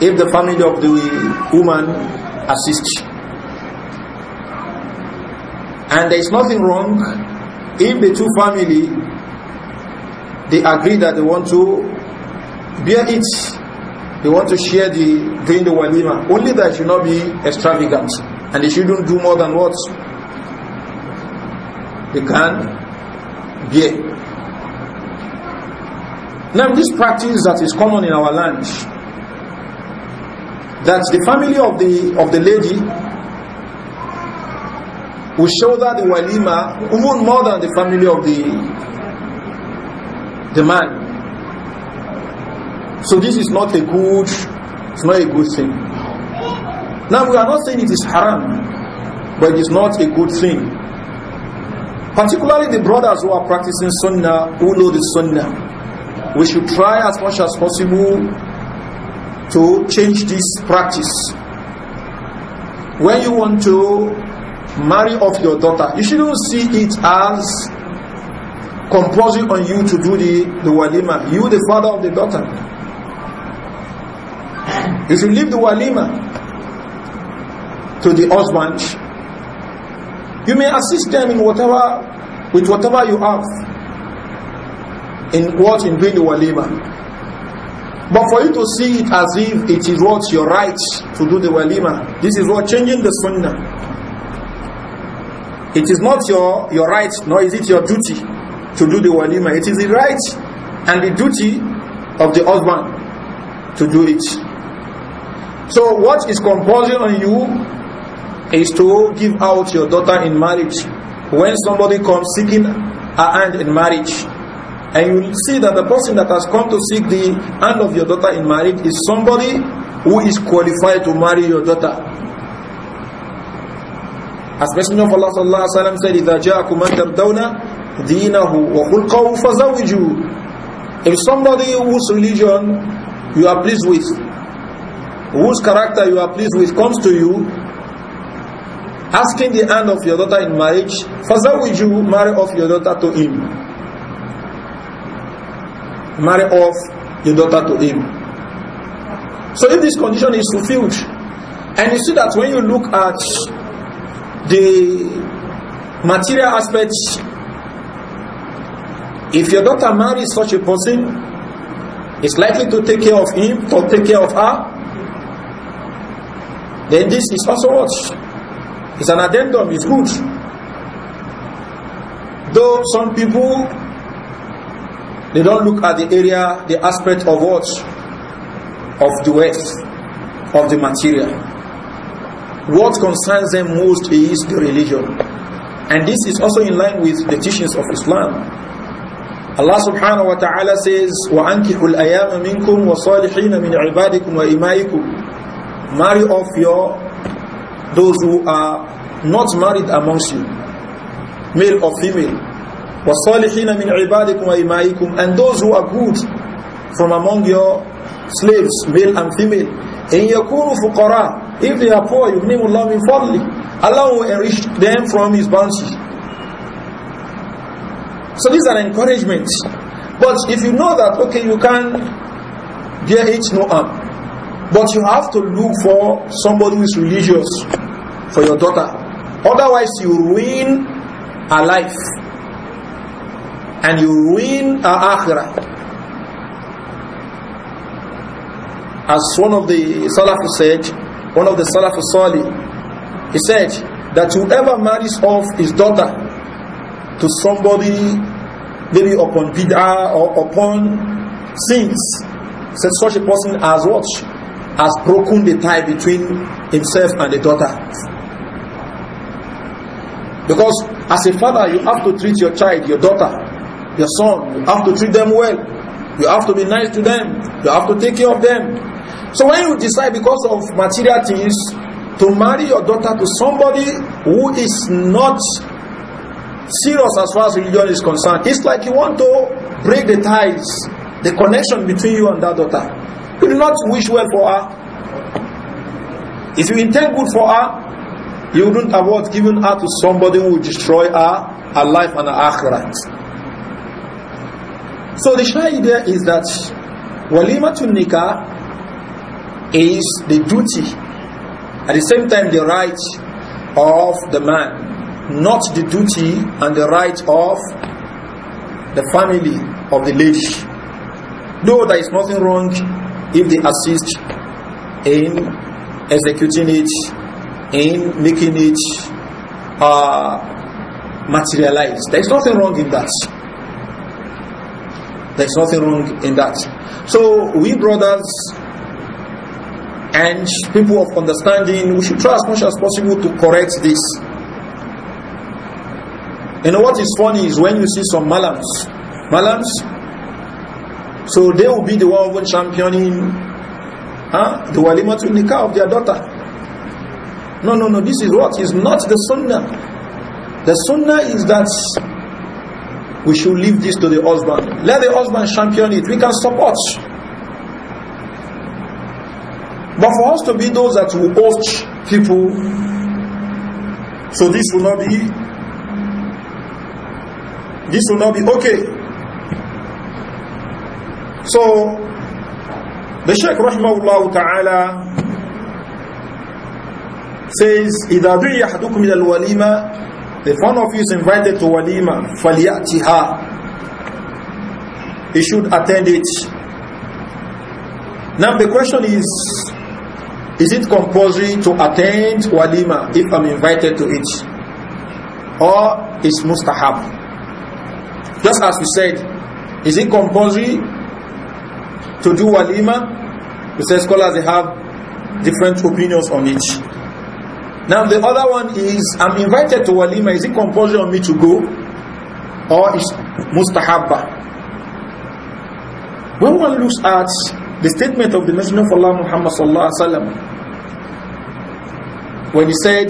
if the family of the woman assists and there is nothing wrong if the two family they agree that they want to bear it. They want to share the gain the walima. Only that should not be extravagant. And they shouldn't do more than what they can bear. Now this practice that is common in our land that the family of the of the lady will that the walima even more than the family of the the man. So this is not a good it's not a good thing. Now we are not saying it is haram, but it is not a good thing. Particularly the brothers who are practicing sunnah, who know the sunnah, we should try as much as possible to change this practice. When you want to marry off your daughter, you shouldn't see it as composing on you to do the, the walima. You, the father of the daughter. if You leave the walima to the husband. You may assist them in whatever, with whatever you have, in what in doing the walima. But for you to see it as if it is what your right to do the walima, this is what changing the sunnah. It is not your, your right, nor is it your duty to do the walima. It is the right and the duty of the husband to do it. So what is compulsion on you is to give out your daughter in marriage. When somebody comes seeking a hand in marriage, and you will see that the person that has come to seek the hand of your daughter in marriage is somebody who is qualified to marry your daughter. As Messenger of Allah sallallahu alaihi wasallam said, إِذَا جَاءَكُمْ مَنْ تَرْدَوْنَ دِينَهُ وَخُلْقَهُ فَزَوِّجُوا If somebody whose religion you are pleased with, whose character you are pleased with comes to you, asking the hand of your daughter in marriage, فَزَوِّجُوا marry off your daughter to him. Marry off your daughter to him. So if this condition is fulfilled, and you see that when you look at the material aspect: if your daughter marries such a person, is likely to take care of him or take care of her, then this is also what? It's an addendum, it's good. Though some people, they don't look at the area, the aspect of what? Of the wealth, of the material. What concerns them most is the religion. And this is also in line with the teachings of Islam. Allah subhanahu wa ta'ala says, وَأَنْكِحُ الْأَيَامَ مِنْكُمْ وَصَالِحِينَ مِنْ عِبَادِكُمْ وَإِمَائِكُمْ Marry off your, those who are not married amongst you, male or female. وَصَالِحِينَ مِنْ عِبَادِكُمْ وَإِمَائِكُمْ And those who are good from among your slaves, male and female. إِنْ يَكُونُوا فُقَرَاءَ if they are poor, will love him fondly. Allah will enrich them from His bounty. So these are encouragements. But if you know that, okay, you can bear it no harm. But you have to look for somebody who is religious for your daughter. Otherwise, you ruin her life. And you ruin her akhirah. As one of the Salaf said, one of the Salaf Salih, he said that whoever marries off his daughter to somebody, maybe upon bid'ah or upon sins, said such a person as what? Has broken the tie between himself and the daughter. Because as a father, you have to treat your child, your daughter, your son, you have to treat them well. You have to be nice to them. You have to take care of them. So when you decide because of material things to marry your daughter to somebody who is not serious as far as religion is concerned, it's like you want to break the ties, the connection between you and that daughter. You do not wish well for her. If you intend good for her, you wouldn't avoid giving her to somebody who will destroy her, her life and her akhirat. So the idea is that to nikah is the duty, at the same time the right of the man, not the duty and the right of the family of the lady. Though there is nothing wrong if they assist in executing it, in making it uh, materialize. There is nothing wrong in that. There is nothing wrong in that. So we brothers and people of understanding, we should try as much as possible to correct this. And what is funny is when you see some malams, malams, so they will be the one who championing huh, the walima the car of their daughter. No, no, no, this is what is not the sunnah. The sunnah is that we should leave this to the husband. Let the husband champion it. We can support. But for us to be those that will host people, so this will not be, this will not be okay. So, the Shaykh Rahmahullah Ta'ala says, إِذَا دُعِيَ أَحَدُكُمْ إِلَى الْوَلِيمَةِ If one of you is invited to walima, فَلْيَأْتِهَا He should attend it. Now the question is, is it compulsory to attend walima if I'm invited to it? Or is mustahab? Just as we said, is it compulsory to do walima? We say scholars they have different opinions on it. Now the other one is I'm invited to walima. Is it compulsory on me to go, or is mustahabba? When one looks at the statement of the Messenger of Allah Muhammad sallallahu alaihi wasallam when he said,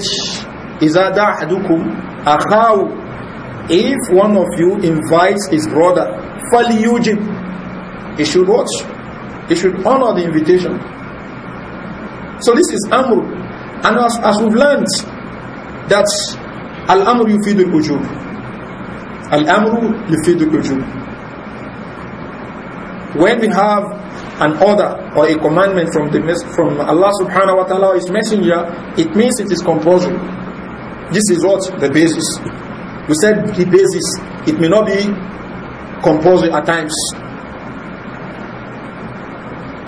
"Iza da'adukum akhaw." If one of you invites his brother, فَلْيُجِبْ He should watch. He should honor the invitation. So this is Amr. And as, as we've learned, that Al-Amr al الوجوب. Al-Amr al الوجوب. When we have an order or a commandment from the from Allah subhanahu wa ta'ala or his messenger, it means it is compulsory. This is what the basis. We said the basis, it may not be compulsory at times.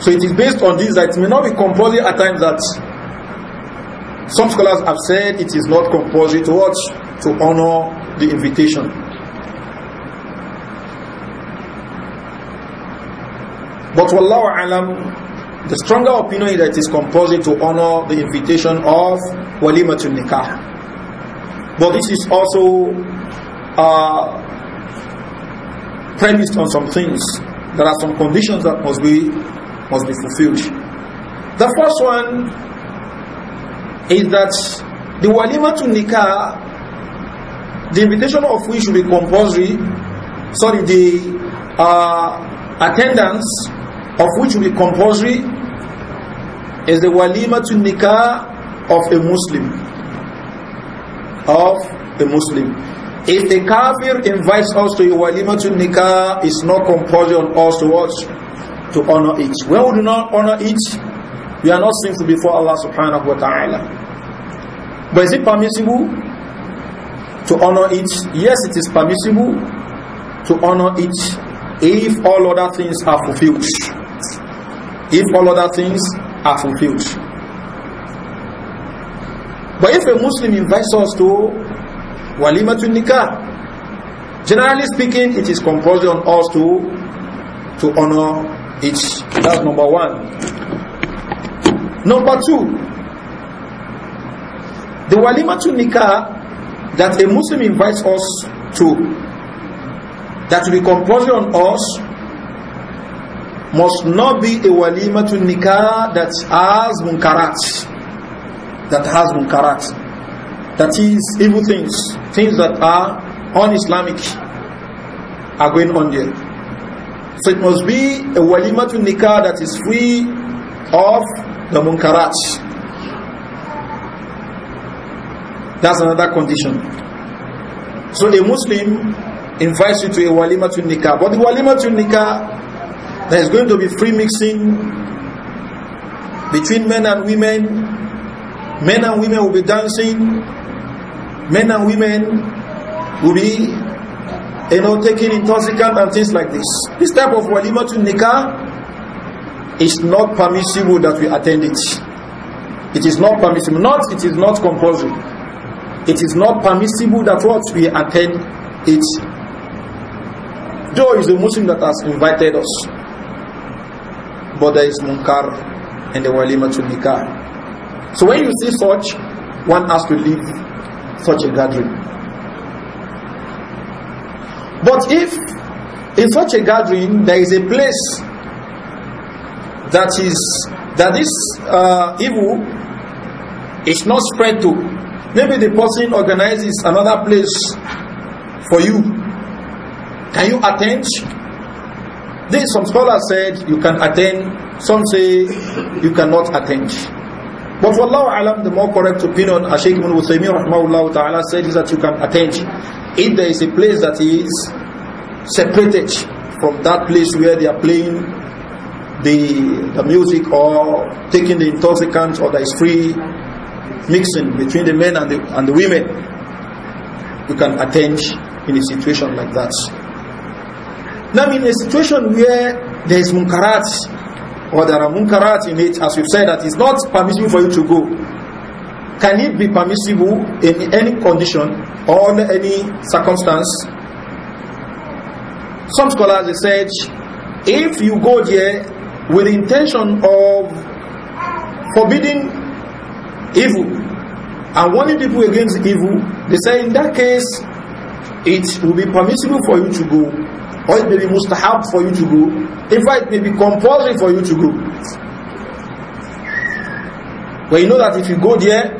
So it is based on this that it may not be compulsory at times that some scholars have said it is not compulsory to watch, to honor the invitation. But Wallahu Alam, the stronger opinion is that it is compulsory to honor the invitation of Walimatul Nikah. But this is also uh, premised on some things. There are some conditions that must be must be fulfilled. The first one is that the Walimatul Nikah, the invitation of which should be compulsory, sorry, the uh, attendance of which will be compulsory is the walima to nikah of a Muslim. Of a Muslim. If a kafir invites us to a walima to nikah, it's not compulsory on us to watch, to honor it. When we do not honor it, we are not sinful before Allah subhanahu wa ta'ala. But is it permissible to honor it? Yes, it is permissible to honor it if all other things are fulfilled. if all other things are fulfilled. But if a Muslim invites us to walimatun Nikah, generally speaking, it is compulsory on us to, to honor it. That's number one. Number two, the walimatun Nikah that a Muslim invites us to, that will be compulsory on us must not be a walima to nikah that has munkarat. That has munkarat. That is evil things. Things that are un-Islamic are going on there. So it must be a walima to nikah that is free of the munkarat. That's another condition. So a Muslim invites you to a walima to nikah. But the walima to nikah there is going to be free mixing between men and women. Men and women will be dancing. Men and women will be, you know, taking intoxicant and things like this. This type of walima to nikah is not permissible that we attend it. It is not permissible. Not, it is not compulsory. It is not permissible that what we attend it. Though is the Muslim that has invited us but there is munkar and the walima to nikah. So when you see such, one has to leave such a gathering. But if in such a gathering there is a place that is that this uh, evil is not spread to, maybe the person organizes another place for you. Can you attend? This, some scholars said you can attend, some say you cannot attend. But wallahu alam, the more correct opinion, as Shaykh ibn Uthaymeen rahmahullah ta'ala said is that you can attend. If there is a place that is separated from that place where they are playing the, the music or taking the intoxicants or there is free mixing between the men and the, and the women, you can attend in a situation like that. Now in a situation where there is munkarat or there are munkarat in it, as we've said, that is not permissible for you to go, can it be permissible in any condition or under any circumstance? Some scholars have said, if you go there with the intention of forbidding evil and warning people against evil, they say in that case, it will be permissible for you to go or it may be mustahab for you to go. In fact, it may be compulsory for you to go. But you know that if you go there,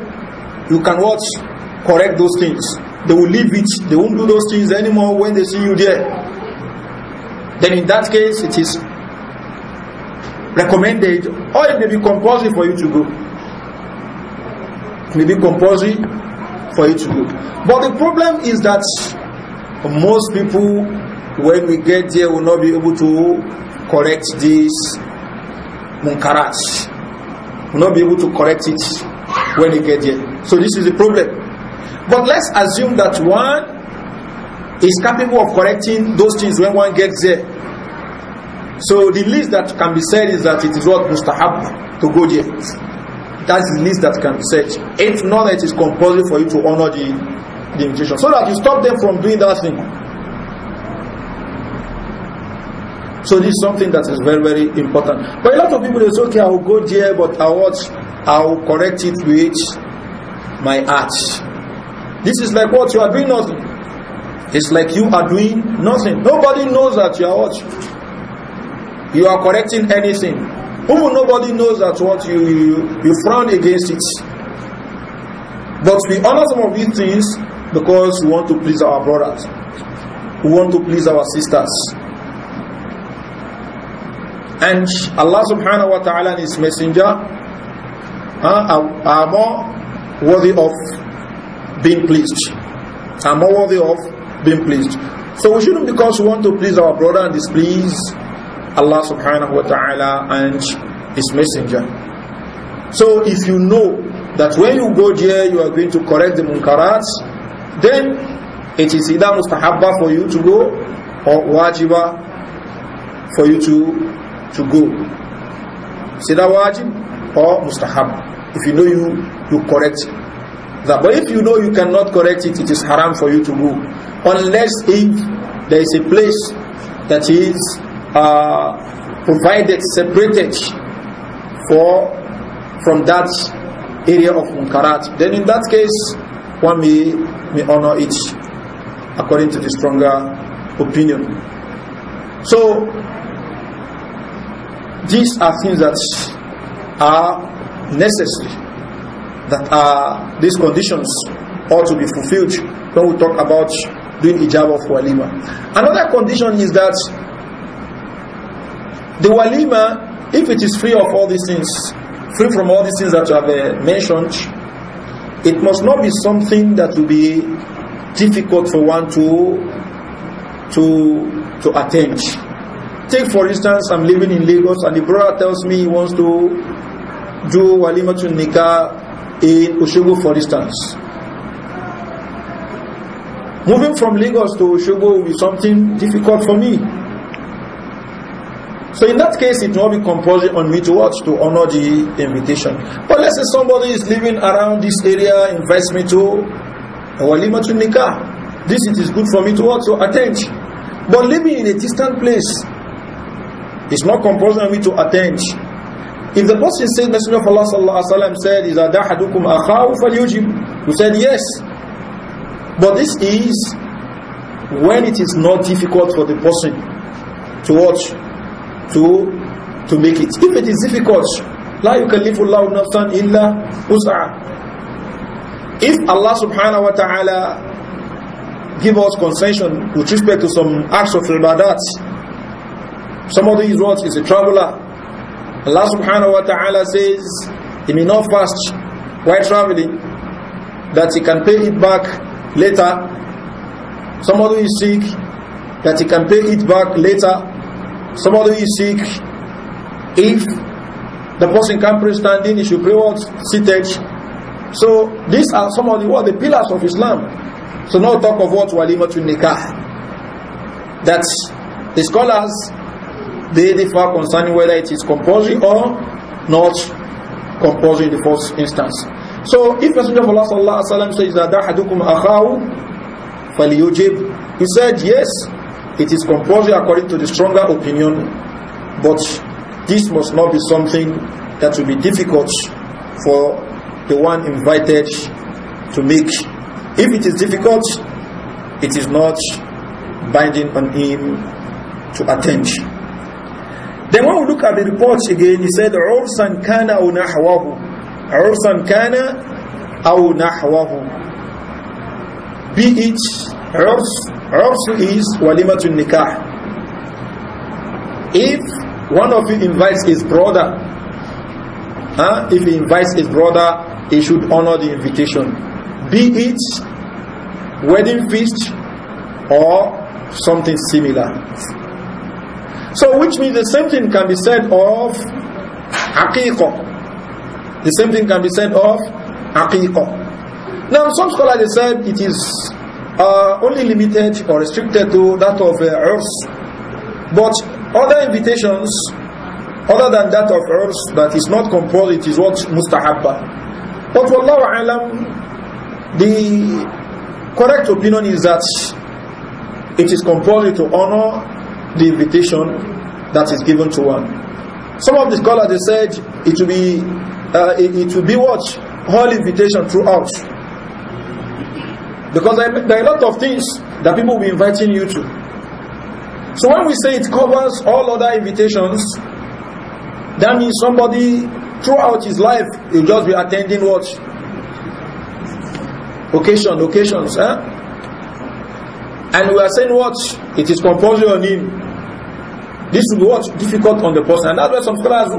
you can watch, correct those things. They will leave it. They won't do those things anymore when they see you there. Then in that case, it is recommended or it may be compulsory for you to go. It may be compulsory for you to go. But the problem is that most people when we get there, will not be able to correct this munkarat. Will not be able to correct it when we get there. So this is the problem. But let's assume that one is capable of correcting those things when one gets there. So the least that can be said is that it is what mustahab to go there. That's the least that can be said. If not, it is compulsory for you to honor the, the invitation. So that you stop them from doing that thing. So this is something that is very, very important. But a lot of people, they say, okay, I will go there, but I will, I will correct it with my art. This is like what you are doing nothing. It's like you are doing nothing. Nobody knows that you are what? You are correcting anything. Who nobody knows that what you, you, you frown against it. But we honor some of these things because we want to please our brothers. We want to please our sisters. And Allah subhanahu wa ta'ala and His messenger uh, are, more worthy of being pleased. Are more worthy of being pleased. So we shouldn't because we want to please our brother and displease Allah subhanahu wa ta'ala and His messenger. So if you know that when you go there you are going to correct the munkarats, then it is either mustahabba for you to go or wajiba for you to to go. Say that wajib or mustahab. If you know you, you correct that. But if you know you cannot correct it, it is haram for you to go. Unless if there is a place that is uh, provided, separated for from that area of munkarat, then in that case, one may, may honor it according to the stronger opinion. So, These are things that are necessary, that are these conditions ought to be fulfilled when we talk about doing hijab of walima. Another condition is that the walima, if it is free of all these things, free from all these things that you have uh, mentioned, it must not be something that will be difficult for one to to to attend. Take for instance, I'm living in Lagos and the brother tells me he wants to do walimatun nikah in Oshogo for instance. Moving from Lagos to Oshogo will be something difficult for me. So in that case, it will be compulsory on me to watch to honor the invitation. But let's say somebody is living around this area, invites me to walimatun nikah. This it is good for me to to attend. But living in a distant place, it's not compulsory for me to attend. If the person said, Messenger of Allah sallallahu alaihi wasallam said, إِذَا دَحَدُكُمْ أَخَاهُ فَلْيُجِبْ You said yes. But this is when it is not difficult for the person to watch, to to make it. If it is difficult, لا يكلف الله نفسا إلا وسعها. If Allah subhanahu wa ta'ala give us concession with respect to some acts of ibadat, some of these words is a traveler. Allah subhanahu wa ta'ala says, he may not fast while traveling, that he can pay it back later. Somebody is sick, that he can pay it back later. Somebody is sick, if the person can't pray standing, he should pray what? Seated. So these are some of the, what, the pillars of Islam. So now talk of what walima to nikah. That the scholars they differ concerning whether it is compulsory or not compulsory in the first instance. So if Messenger of Allah sallallahu says that ahadukum akhahu falyujib, he said yes, it is compulsory according to the stronger opinion, but this must not be something that will be difficult for the one invited to make. If it is difficult, it is not binding on him to attend. Then when we look at the reports again, he said, عُرْسًا كَانَ أَوْ نَحْوَهُ عُرْسًا كَانَ أَوْ نَحْوَهُ Be it عُرْس عُرْس is walimatun nikah. If one of you invites his brother, huh? if he invites his brother, he should honor the invitation. Be it wedding feast or something similar. So which means the same thing can be said of aqiqah. The same thing can be said of aqiqah. Now some scholars they said it is uh, only limited or restricted to that of uh, Urs. But other invitations other than that of Urs that is not compulsory, it is what mustahabba. But Wallahu Alam, the correct opinion is that it is compulsory to honor the invitation that is given to one. Some of the scholars they said it will be uh, it, it, will be what whole invitation throughout. Because there, are a lot of things that people will be inviting you to. So when we say it covers all other invitations, that means somebody throughout his life will just be attending what? Occasion, occasions, eh? And we are saying what? It is compulsory on him this is be what difficult on the person. And that's why some scholars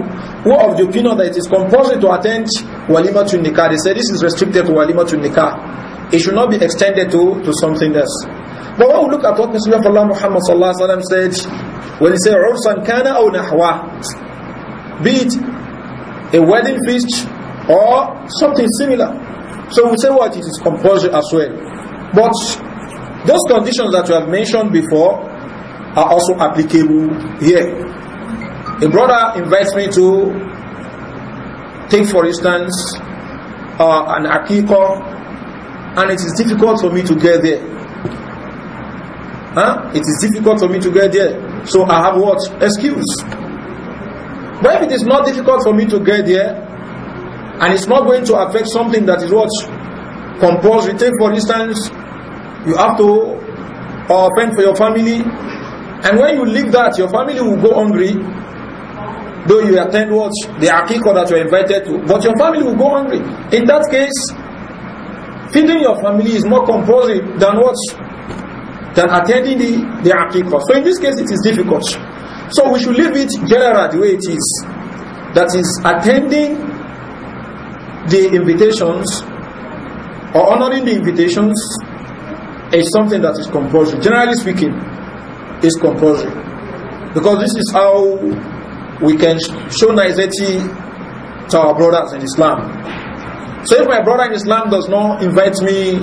who of the opinion that it is compulsory to attend walima to nikah. They say this is restricted to walima to nikah. It should not be extended to, to something else. But when we look at what Messenger of Allah Muhammad sallallahu said, when he said ursan kana aw nahwa, be it a wedding feast or something similar. So we say what it is compulsory as well. But those conditions that we have mentioned before, are also applicable here. A brother invites me to take, for instance, uh, an akiko, and it is difficult for me to get there. Huh? It is difficult for me to get there. So I have what? Excuse. But if it is not difficult for me to get there, and it's not going to affect something that is what? Compulsory. Take, for instance, you have to uh, fend for your family, and when you leave that, your family will go hungry, though you attend what? The akiko that you're invited to, but your family will go hungry. In that case, feeding your family is more compulsory than what? Than attending the, the akiko. So in this case, it is difficult. So we should leave it general the way it is. That is, attending the invitations or honoring the invitations is something that is compulsory, generally speaking is compulsory. Because this is how we can show nicety to our brothers in Islam. So if my brother in Islam does not invite me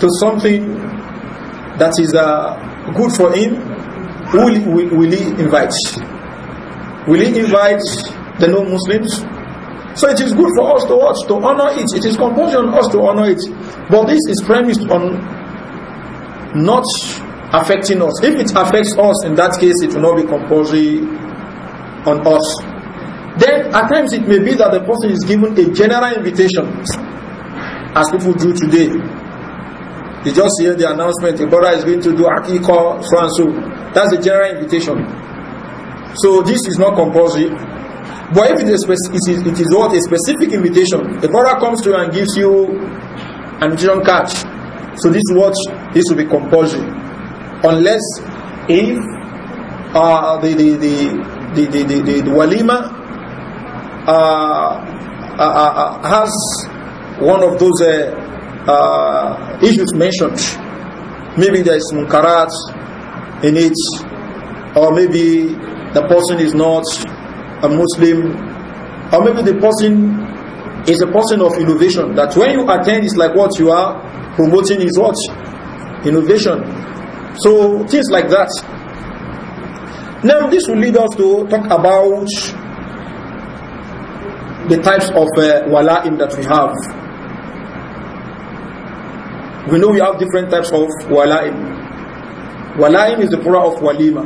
to something that is uh, good for him, will, will, will he invite? Will he invite the non-Muslims? So it is good for us to watch, to honor it. It is compulsion on us to honor it. But this is premised on not affecting us. If it affects us, in that case, it will not be compulsory on us. Then, at times, it may be that the person is given a general invitation, as people do today. You just hear the announcement, the brother is going to do Akiko, so and so. That's a general invitation. So, this is not compulsory. But if it is, it is, it is what? A specific invitation. A brother comes to you and gives you an invitation card. So, this is what? This will be compulsory unless if uh, the, the, the, the, the, the, the walima uh uh, uh, uh, has one of those uh, issues mentioned. Maybe there is munkarat in it, or maybe the person is not a Muslim, or maybe the person is a person of innovation. That when you attend, it's like what you are promoting is what? Innovation. So things like that. Now this will lead us to talk about the types of uh, wala'im that we have. We know we have different types of wala'im. Wala'im is the plural of walima.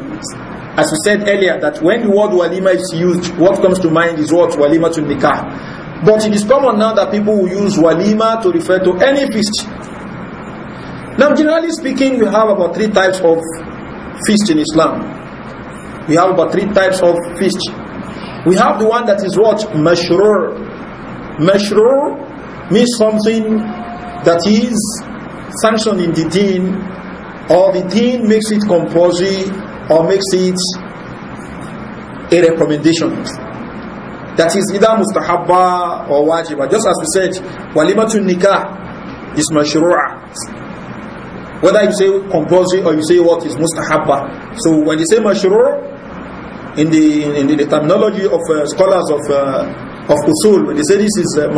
As we said earlier, that when the word walima is used, what comes to mind is what? Walima to nikah. But it is common now that people will use walima to refer to any feast. Now, generally speaking, we have about three types of feast in Islam. We have about three types of feast. We have the one that is what? Mashrur. Mashrur means something that is sanctioned in the deen or the deen makes it compulsory or makes it a recommendation. That is either mustahabba or wajiba. Just as we said, walimatun nikah is mashru'ah. Whether you say compulsory or you say what is mustahabba. So when you say mashru' in the in the, the terminology of uh, scholars of uh, of usul, when they say this is uh,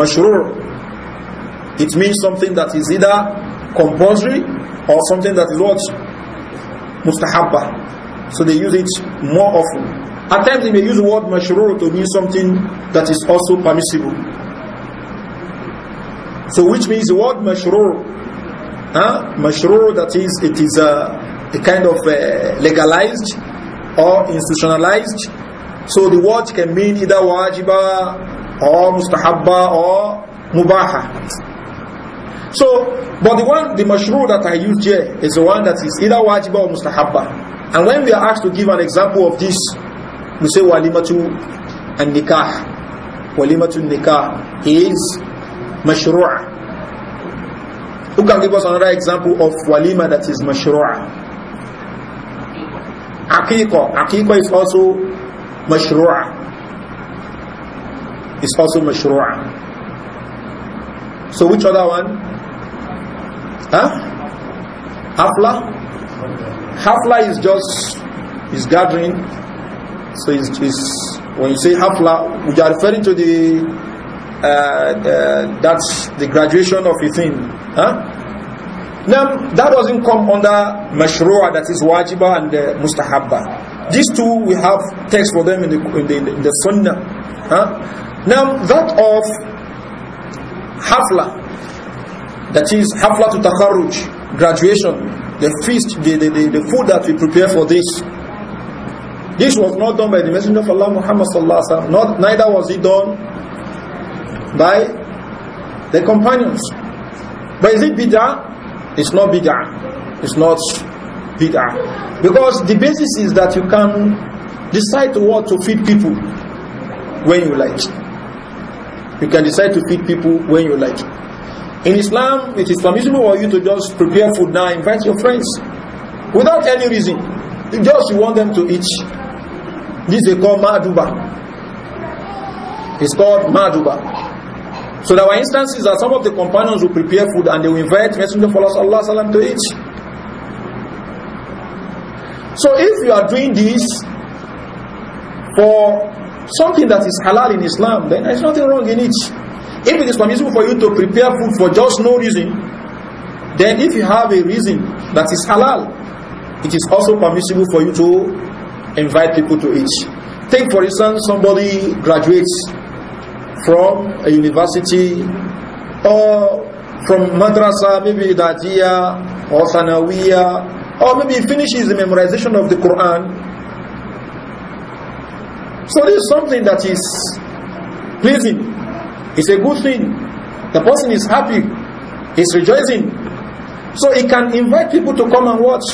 it means something that is either compulsory or something that is what mustahabba. So they use it more often. At times they may use the word mashru' to mean something that is also permissible. So which means the word mashru' Huh? Mashru, that is, it is a, uh, a kind of uh, legalized or institutionalized. So the word can mean either wajiba or mustahabba or mubaha. So, but the one, the mashru that I use here is the one that is either wajiba or mustahabba. And when we are asked to give an example of this, we say walimatu and nikah. Walimatu nikah is mashru'ah. Who can give us another example of walima that is mashru'a? Aqiqah. Aqiqah is also mashru'a. It's also mashru'a. So which other one? Huh? Hafla? Hafla is just is gathering. So it's, it's when you say hafla, we are referring to the uh, that's the graduation of a thing. Huh? Now, that doesn't come under Mashrua, that is wajiba and uh, mustahabba. These two, we have text for them in the, in the, in the sunnah. Huh? Now, that of hafla, that is hafla to Takaruj, graduation, the feast, the, the, the, the, food that we prepare for this. This was not done by the Messenger of Allah Muhammad sallallahu alaihi wasallam. Neither was it done by the companions. But is it bid'ah? It's not bid'ah. It's not bid'ah. Because the basis is that you can decide what to feed people when you like. You can decide to feed people when you like. In Islam, it is permissible for you to just prepare food now, invite your friends without any reason. You want them to eat. This they call Maduba. It's called Maduba. So there were instances that some of the companions would prepare food and they would invite Messenger of Allah to eat. So if you are doing this for something that is halal in Islam, then there's nothing wrong in it. If it is permissible for you to prepare food for just no reason, then if you have a reason that is halal, it is also permissible for you to invite people to eat. Take for instance, somebody graduates from a university or from madrasa, maybe Dajia or Sanawiya, or maybe he finishes the memorization of the Quran. So this is something that is pleasing. It's a good thing. The person is happy. He's rejoicing. So he can invite people to come and watch,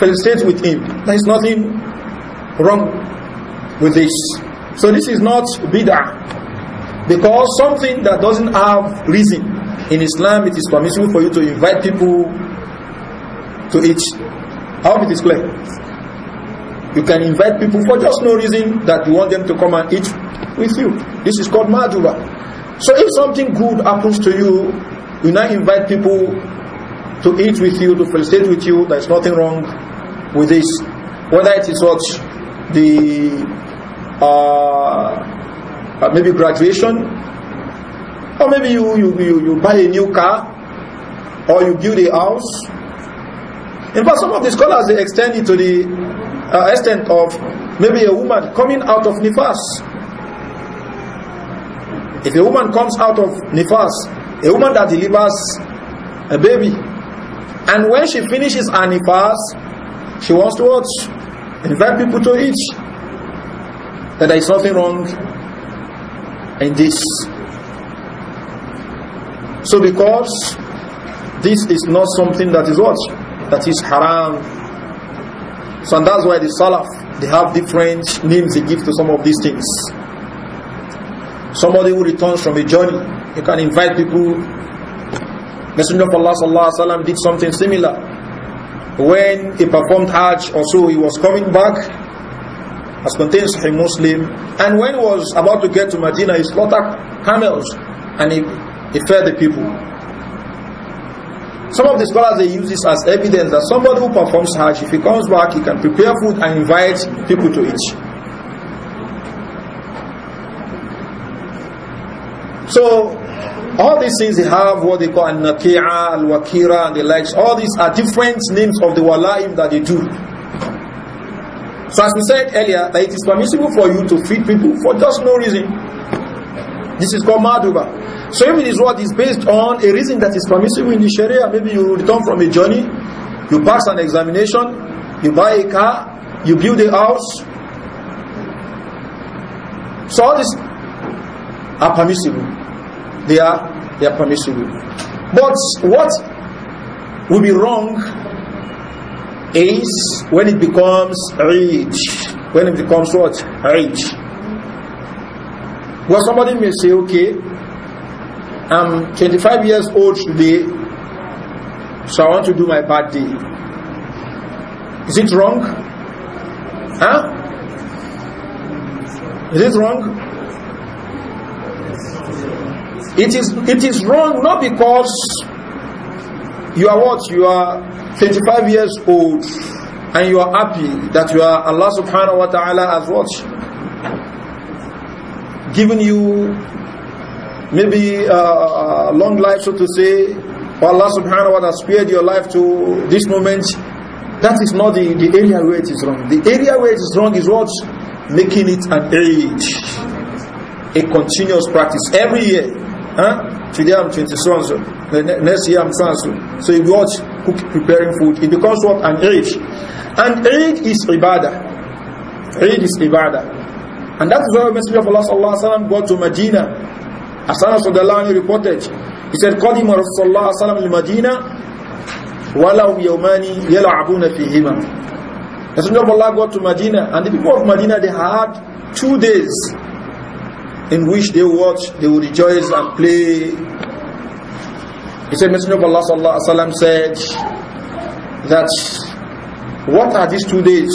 felicitate with him. There is nothing wrong with this. So this is not bid'ah. Because something that doesn't have reason in Islam, it is permissible for you to invite people to eat. I it is clear. You can invite people for just no reason that you want them to come and eat with you. This is called madura. So if something good happens to you, you now invite people to eat with you, to felicitate with you, there's nothing wrong with this. Whether it is what the uh, uh, maybe graduation, or maybe you, you, you, you, buy a new car, or you build a house. In fact, some of the scholars, they extend it to the uh, extent of maybe a woman coming out of nifas. If a woman comes out of nifas, a woman that delivers a baby, and when she finishes her nifas, she wants to watch, invite people to eat, that there is nothing wrong in this. So because this is not something that is what? That is haram. So and that's why the Salaf, they have different names they give to some of these things. Somebody who returns from a journey, you can invite people. Messenger of Allah sallallahu alaihi wasallam did something similar. When he performed Hajj or so, he was coming back, as contains a Muslim. And when he was about to get to Medina, he slaughtered camels and he, he fed the people. Some of the scholars they use this as evidence that somebody who performs Hajj, if he comes back, he can prepare food and invite people to eat. So, all these things they have what they call An-Naki'a, Al-Wakira, and the likes. All these are different names of the Wala'im that they do. So as we said earlier, that it is permissible for you to feed people for just no reason. This is called maduba. So if it is what is based on a reason that is permissible in the Sharia, maybe you return from a journey, you pass an examination, you buy a car, you build a house. So all these are permissible. They are they are permissible. But what will be wrong is when it becomes Eid. When it becomes what? Eid. Well, somebody may say, okay, I'm 25 years old today, so I want to do my birthday. Is it wrong? Huh? Is it wrong? It is, it is wrong not because you are what? You are 35 years old and you are happy that you are Allah subhanahu wa ta'ala has what? Given you maybe a long life so to say or Allah subhanahu wa ta'ala spared your life to this moment that is not the, the area where it is wrong the area where it is wrong is what? making it an age a continuous practice every year huh? today I'm 20 so next year I'm so so you watch cook, preparing food, it becomes what? An Eid. And Eid is Ibadah. Eid is Ibadah. And that is why the Messenger of Allah sallallahu alayhi wa sallam got to Medina. As Anas reported, he said, قَدِمَ رَسُولَ اللَّهِ صَلَّى اللَّهُ عَلَيْهِ وَسَلَّمَ الْمَدِينَ وَلَهُمْ يَوْمَانِ يَلَعَبُونَ فِيهِمَا The Messenger of Allah got to Medina, and the people of Medina, they had two days in which they watch, they would rejoice and play He said, Messenger of Allah sallallahu alaihi wasallam said that what are these two days?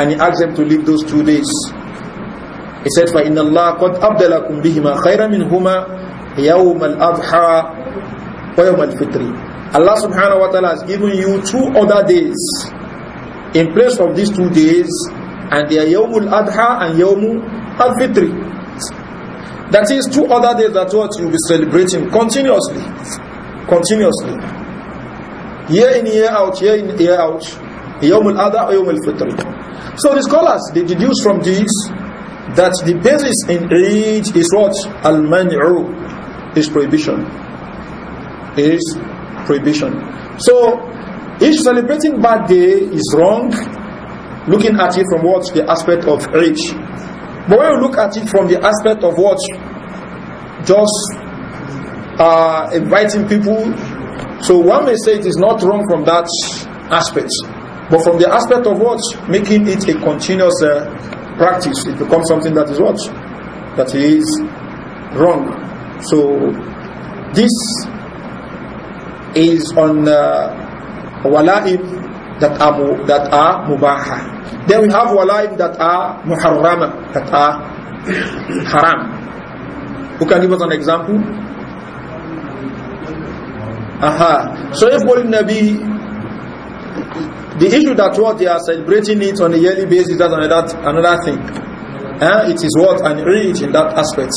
And he asked them to leave those two days. He said, فَإِنَّ اللَّهَ قَدْ أَبْدَلَكُمْ بِهِمَا خَيْرًا مِنْهُمَا يَوْمَ الْأَضْحَى وَيَوْمَ الْفِطْرِ Allah subhanahu wa ta'ala has given you two other days in place of these two days and they are يَوْمُ الْأَضْحَى and يَوْمُ الْفِطْرِ that is two other days that what you'll be celebrating continuously. Continuously. Year in, year out, year in, year out. Yawm al-Adha Yawm al So the scholars, they deduce from this that the basis in Eid is what? Al-Man'u is prohibition. Is prohibition. So, each celebrating bad day is wrong, looking at it from what? The aspect of Eid. But when you look at it from the aspect of what? Just uh, inviting people. So one may say it is not wrong from that aspect. But from the aspect of what? Making it a continuous uh, practice, it becomes something that is what? That is wrong. So this is on uh, wala'ib that are that are mubaha. Then we have walaim that are muharrama, that are <coughs> haram. Who can give us an example? Aha. So if Holy Nabi, the issue that what they are celebrating it on a yearly basis, that's another, another thing. Eh? It is what an rich in that aspect.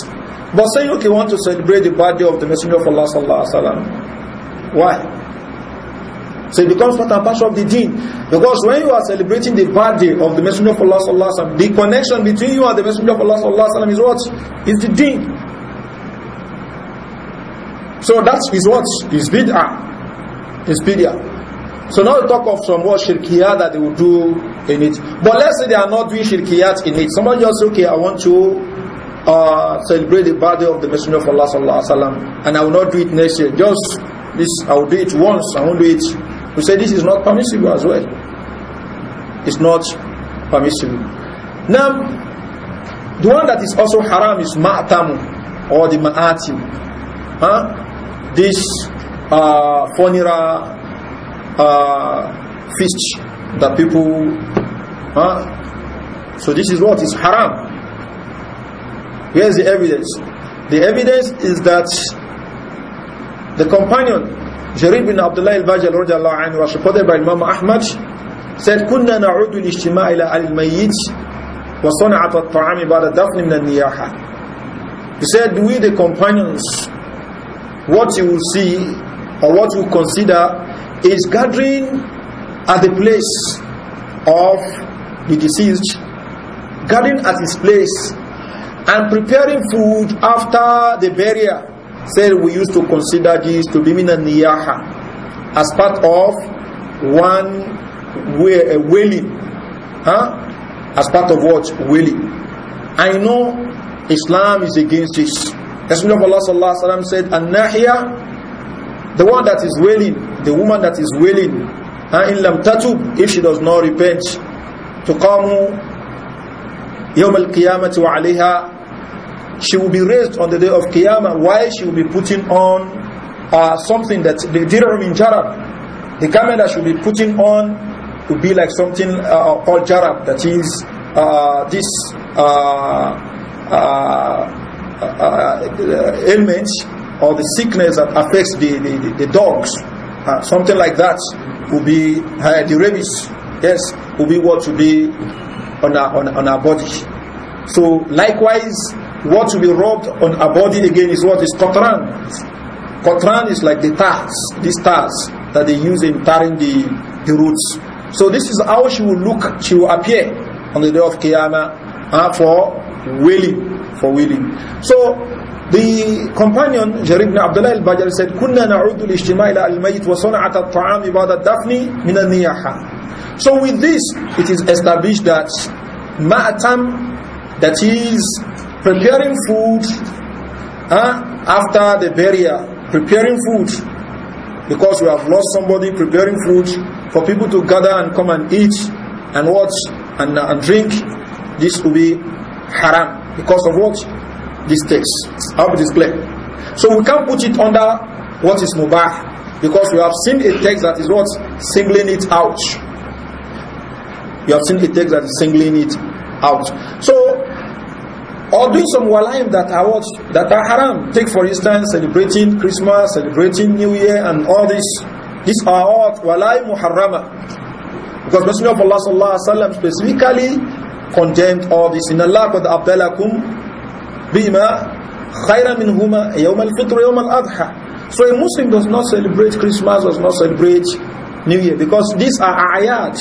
But say okay, want to celebrate the birthday of the Messenger of Allah sallallahu alaihi wasallam. Why? So it becomes part and parcel of the deen. Because when you are celebrating the birthday of the Messenger of Allah sallallahu alaihi wasallam, the connection between you and the Messenger of Allah sallallahu alaihi wasallam is what? Is the deen. So that is what? Is bid'ah. Is bid'ah. So now we talk of some what shirkiyah that they will do in it. But let's say they are not doing shirkia in it. Somebody just say, okay, I want to uh, celebrate the birthday of the Messenger of Allah sallallahu alaihi wasallam, and I will not do it next year. Just this, I will do it once. I won't do it we say this is not permissible as well. It's not permissible. Now, the one that is also haram is ma'atam or the ma'atim. Huh? This uh, funeral uh, feast that people. Huh? So this is what is haram. Where is the evidence? The evidence is that the companion Jarir bin Abdullah al-Bajal رضي الله عنه reported by Imam Ahmad said كنا نعود الاجتماع إلى الميت وصنعة الطعام بعد دفن من النياحة He said we the companions what you will see or what you consider is gathering at the place of the deceased gathering at his place and preparing food after the burial said we used to consider this to be mina niyaha as part of one way, wailing, huh? as part of what? Wailing. I know Islam is against this. Rasulullah of Allah sallam, said, An-Nahiya, the one that is wailing, the woman that is wailing, in lam tatub, if she does not repent, to al يوم wa وعليها she will be raised on the day of Qiyamah. Why she will be putting on uh, something that the dirham in jarab, the garment that she will be putting on will be like something uh, called jarab, that is uh, this uh, uh, uh, uh ailment or the sickness that affects the, the, the dogs, something like that will be the rabies. Yes, will be what will be on our, on, on our body. So likewise, what will be rubbed on a body again is what is qatran. Qatran is like the tars, these tars that they use in tarring the, the roots. So this is how she will look, she will appear on the day of Qiyamah uh, for wailing, for wailing. So the companion Jarir ibn Abdullah al-Bajal said, "Kunna na'udu al-ijtima' al-mayt wa san'at at-ta'am dafni min al So with this, it is established that ma'atam, that is preparing food huh, after the burial, preparing food because we have lost somebody, preparing food for people to gather and come and eat and watch and, uh, and drink. This will be haram because of what? This text. How it is clear. So we can't put it under what is mubah because we have seen a text that is what? Singling it out. You have seen a text that is singling it out. So or doing some walaim that are what that are haram. Take for instance celebrating Christmas, celebrating New Year and all this. These are all walaim muharrama. Because Messenger of Allah sallallahu alaihi wasallam specifically condemned all this. In Allah qad abdalakum bima khayra minhuma yawm al-fitr yawm al-adha. So a Muslim does not celebrate Christmas, does not celebrate New Year because these are ayat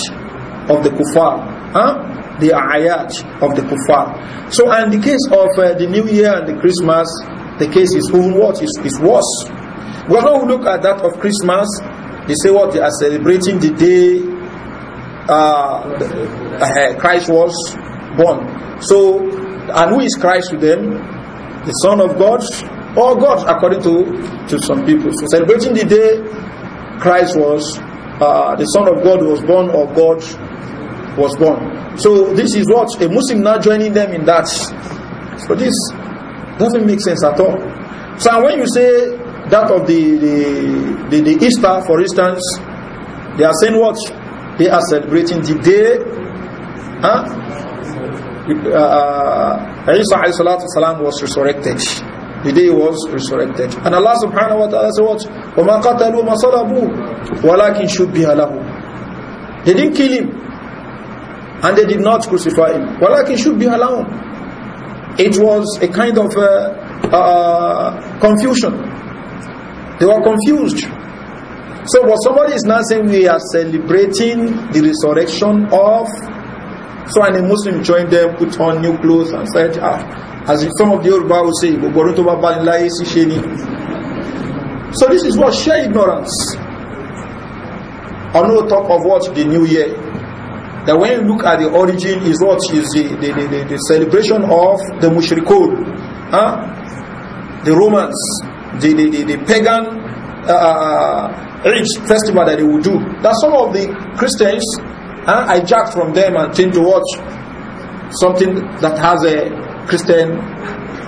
of the kuffar. Huh? the ayat of the kuffar. So in the case of uh, the New Year and the Christmas, the case is even worse. is worse. Because when we look at that of Christmas, they say what they are celebrating the day uh, uh, Christ was born. So, and who is Christ to them? The Son of God or God, according to, to some people. So, celebrating the day Christ was, uh, the Son of God was born, or God was born. So this is what a Muslim now joining them in that. So this doesn't make sense at all. So when you say that of the the, the, the Easter, for instance, they are saying what? They are celebrating the day huh? uh, uh alayhi salam was resurrected. The day was resurrected. And Allah subhanahu wa ta'ala said what? وَمَا قَتَلُوا مَا صَلَبُوا وَلَكِنْ شُبِّهَ لَهُ They didn't kill him. And they did not crucify him. he should be allowed. It was a kind of uh, uh, confusion. They were confused. So what somebody is now saying, we are celebrating the resurrection of... So and a Muslim joined them, put on new clothes and said, ah, as if some of the Yoruba would say, So this is what sheer ignorance. Or no talk of what the new year that when you look at the origin is what is the, the, the, the celebration of the mushrikun, huh? the Romans, the, the, the, the pagan uh, uh, uh festival that they would do. That some of the Christians huh, hijacked from them and tend to watch something that has a Christian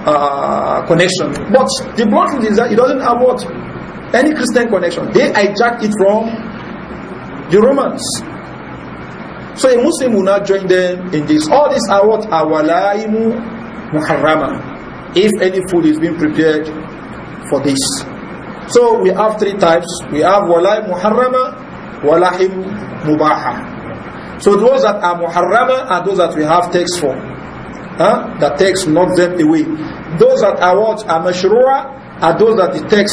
uh, connection. But the blunt is that it doesn't have what? Any Christian connection. They hijacked it from the Romans. So a Muslim will not join them in this. All these are what? Awalaimu muharrama. If any food is being prepared for this. So we have three types. We have walaim muharrama, walahim mubaha. So those that are muharrama are those that we have text for. Huh? The text knocks them away. Those that are what? Are mashrua are those that the text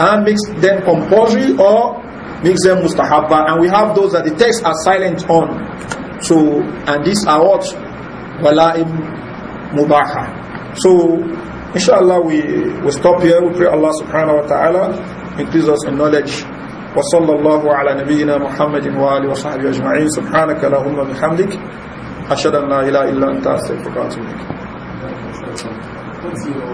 uh, makes them compulsory or makes them mustahabba and we have those that the texts are silent on so and these are what walaim mubaha so inshallah we we stop here we pray Allah subhanahu wa ta'ala increase us in knowledge وصلى الله على نبينا محمد وآله وصحبه أجمعين سبحانك اللهم بحمدك أشهد أن لا إله إلا أنت أستغفرك وأتوب إليك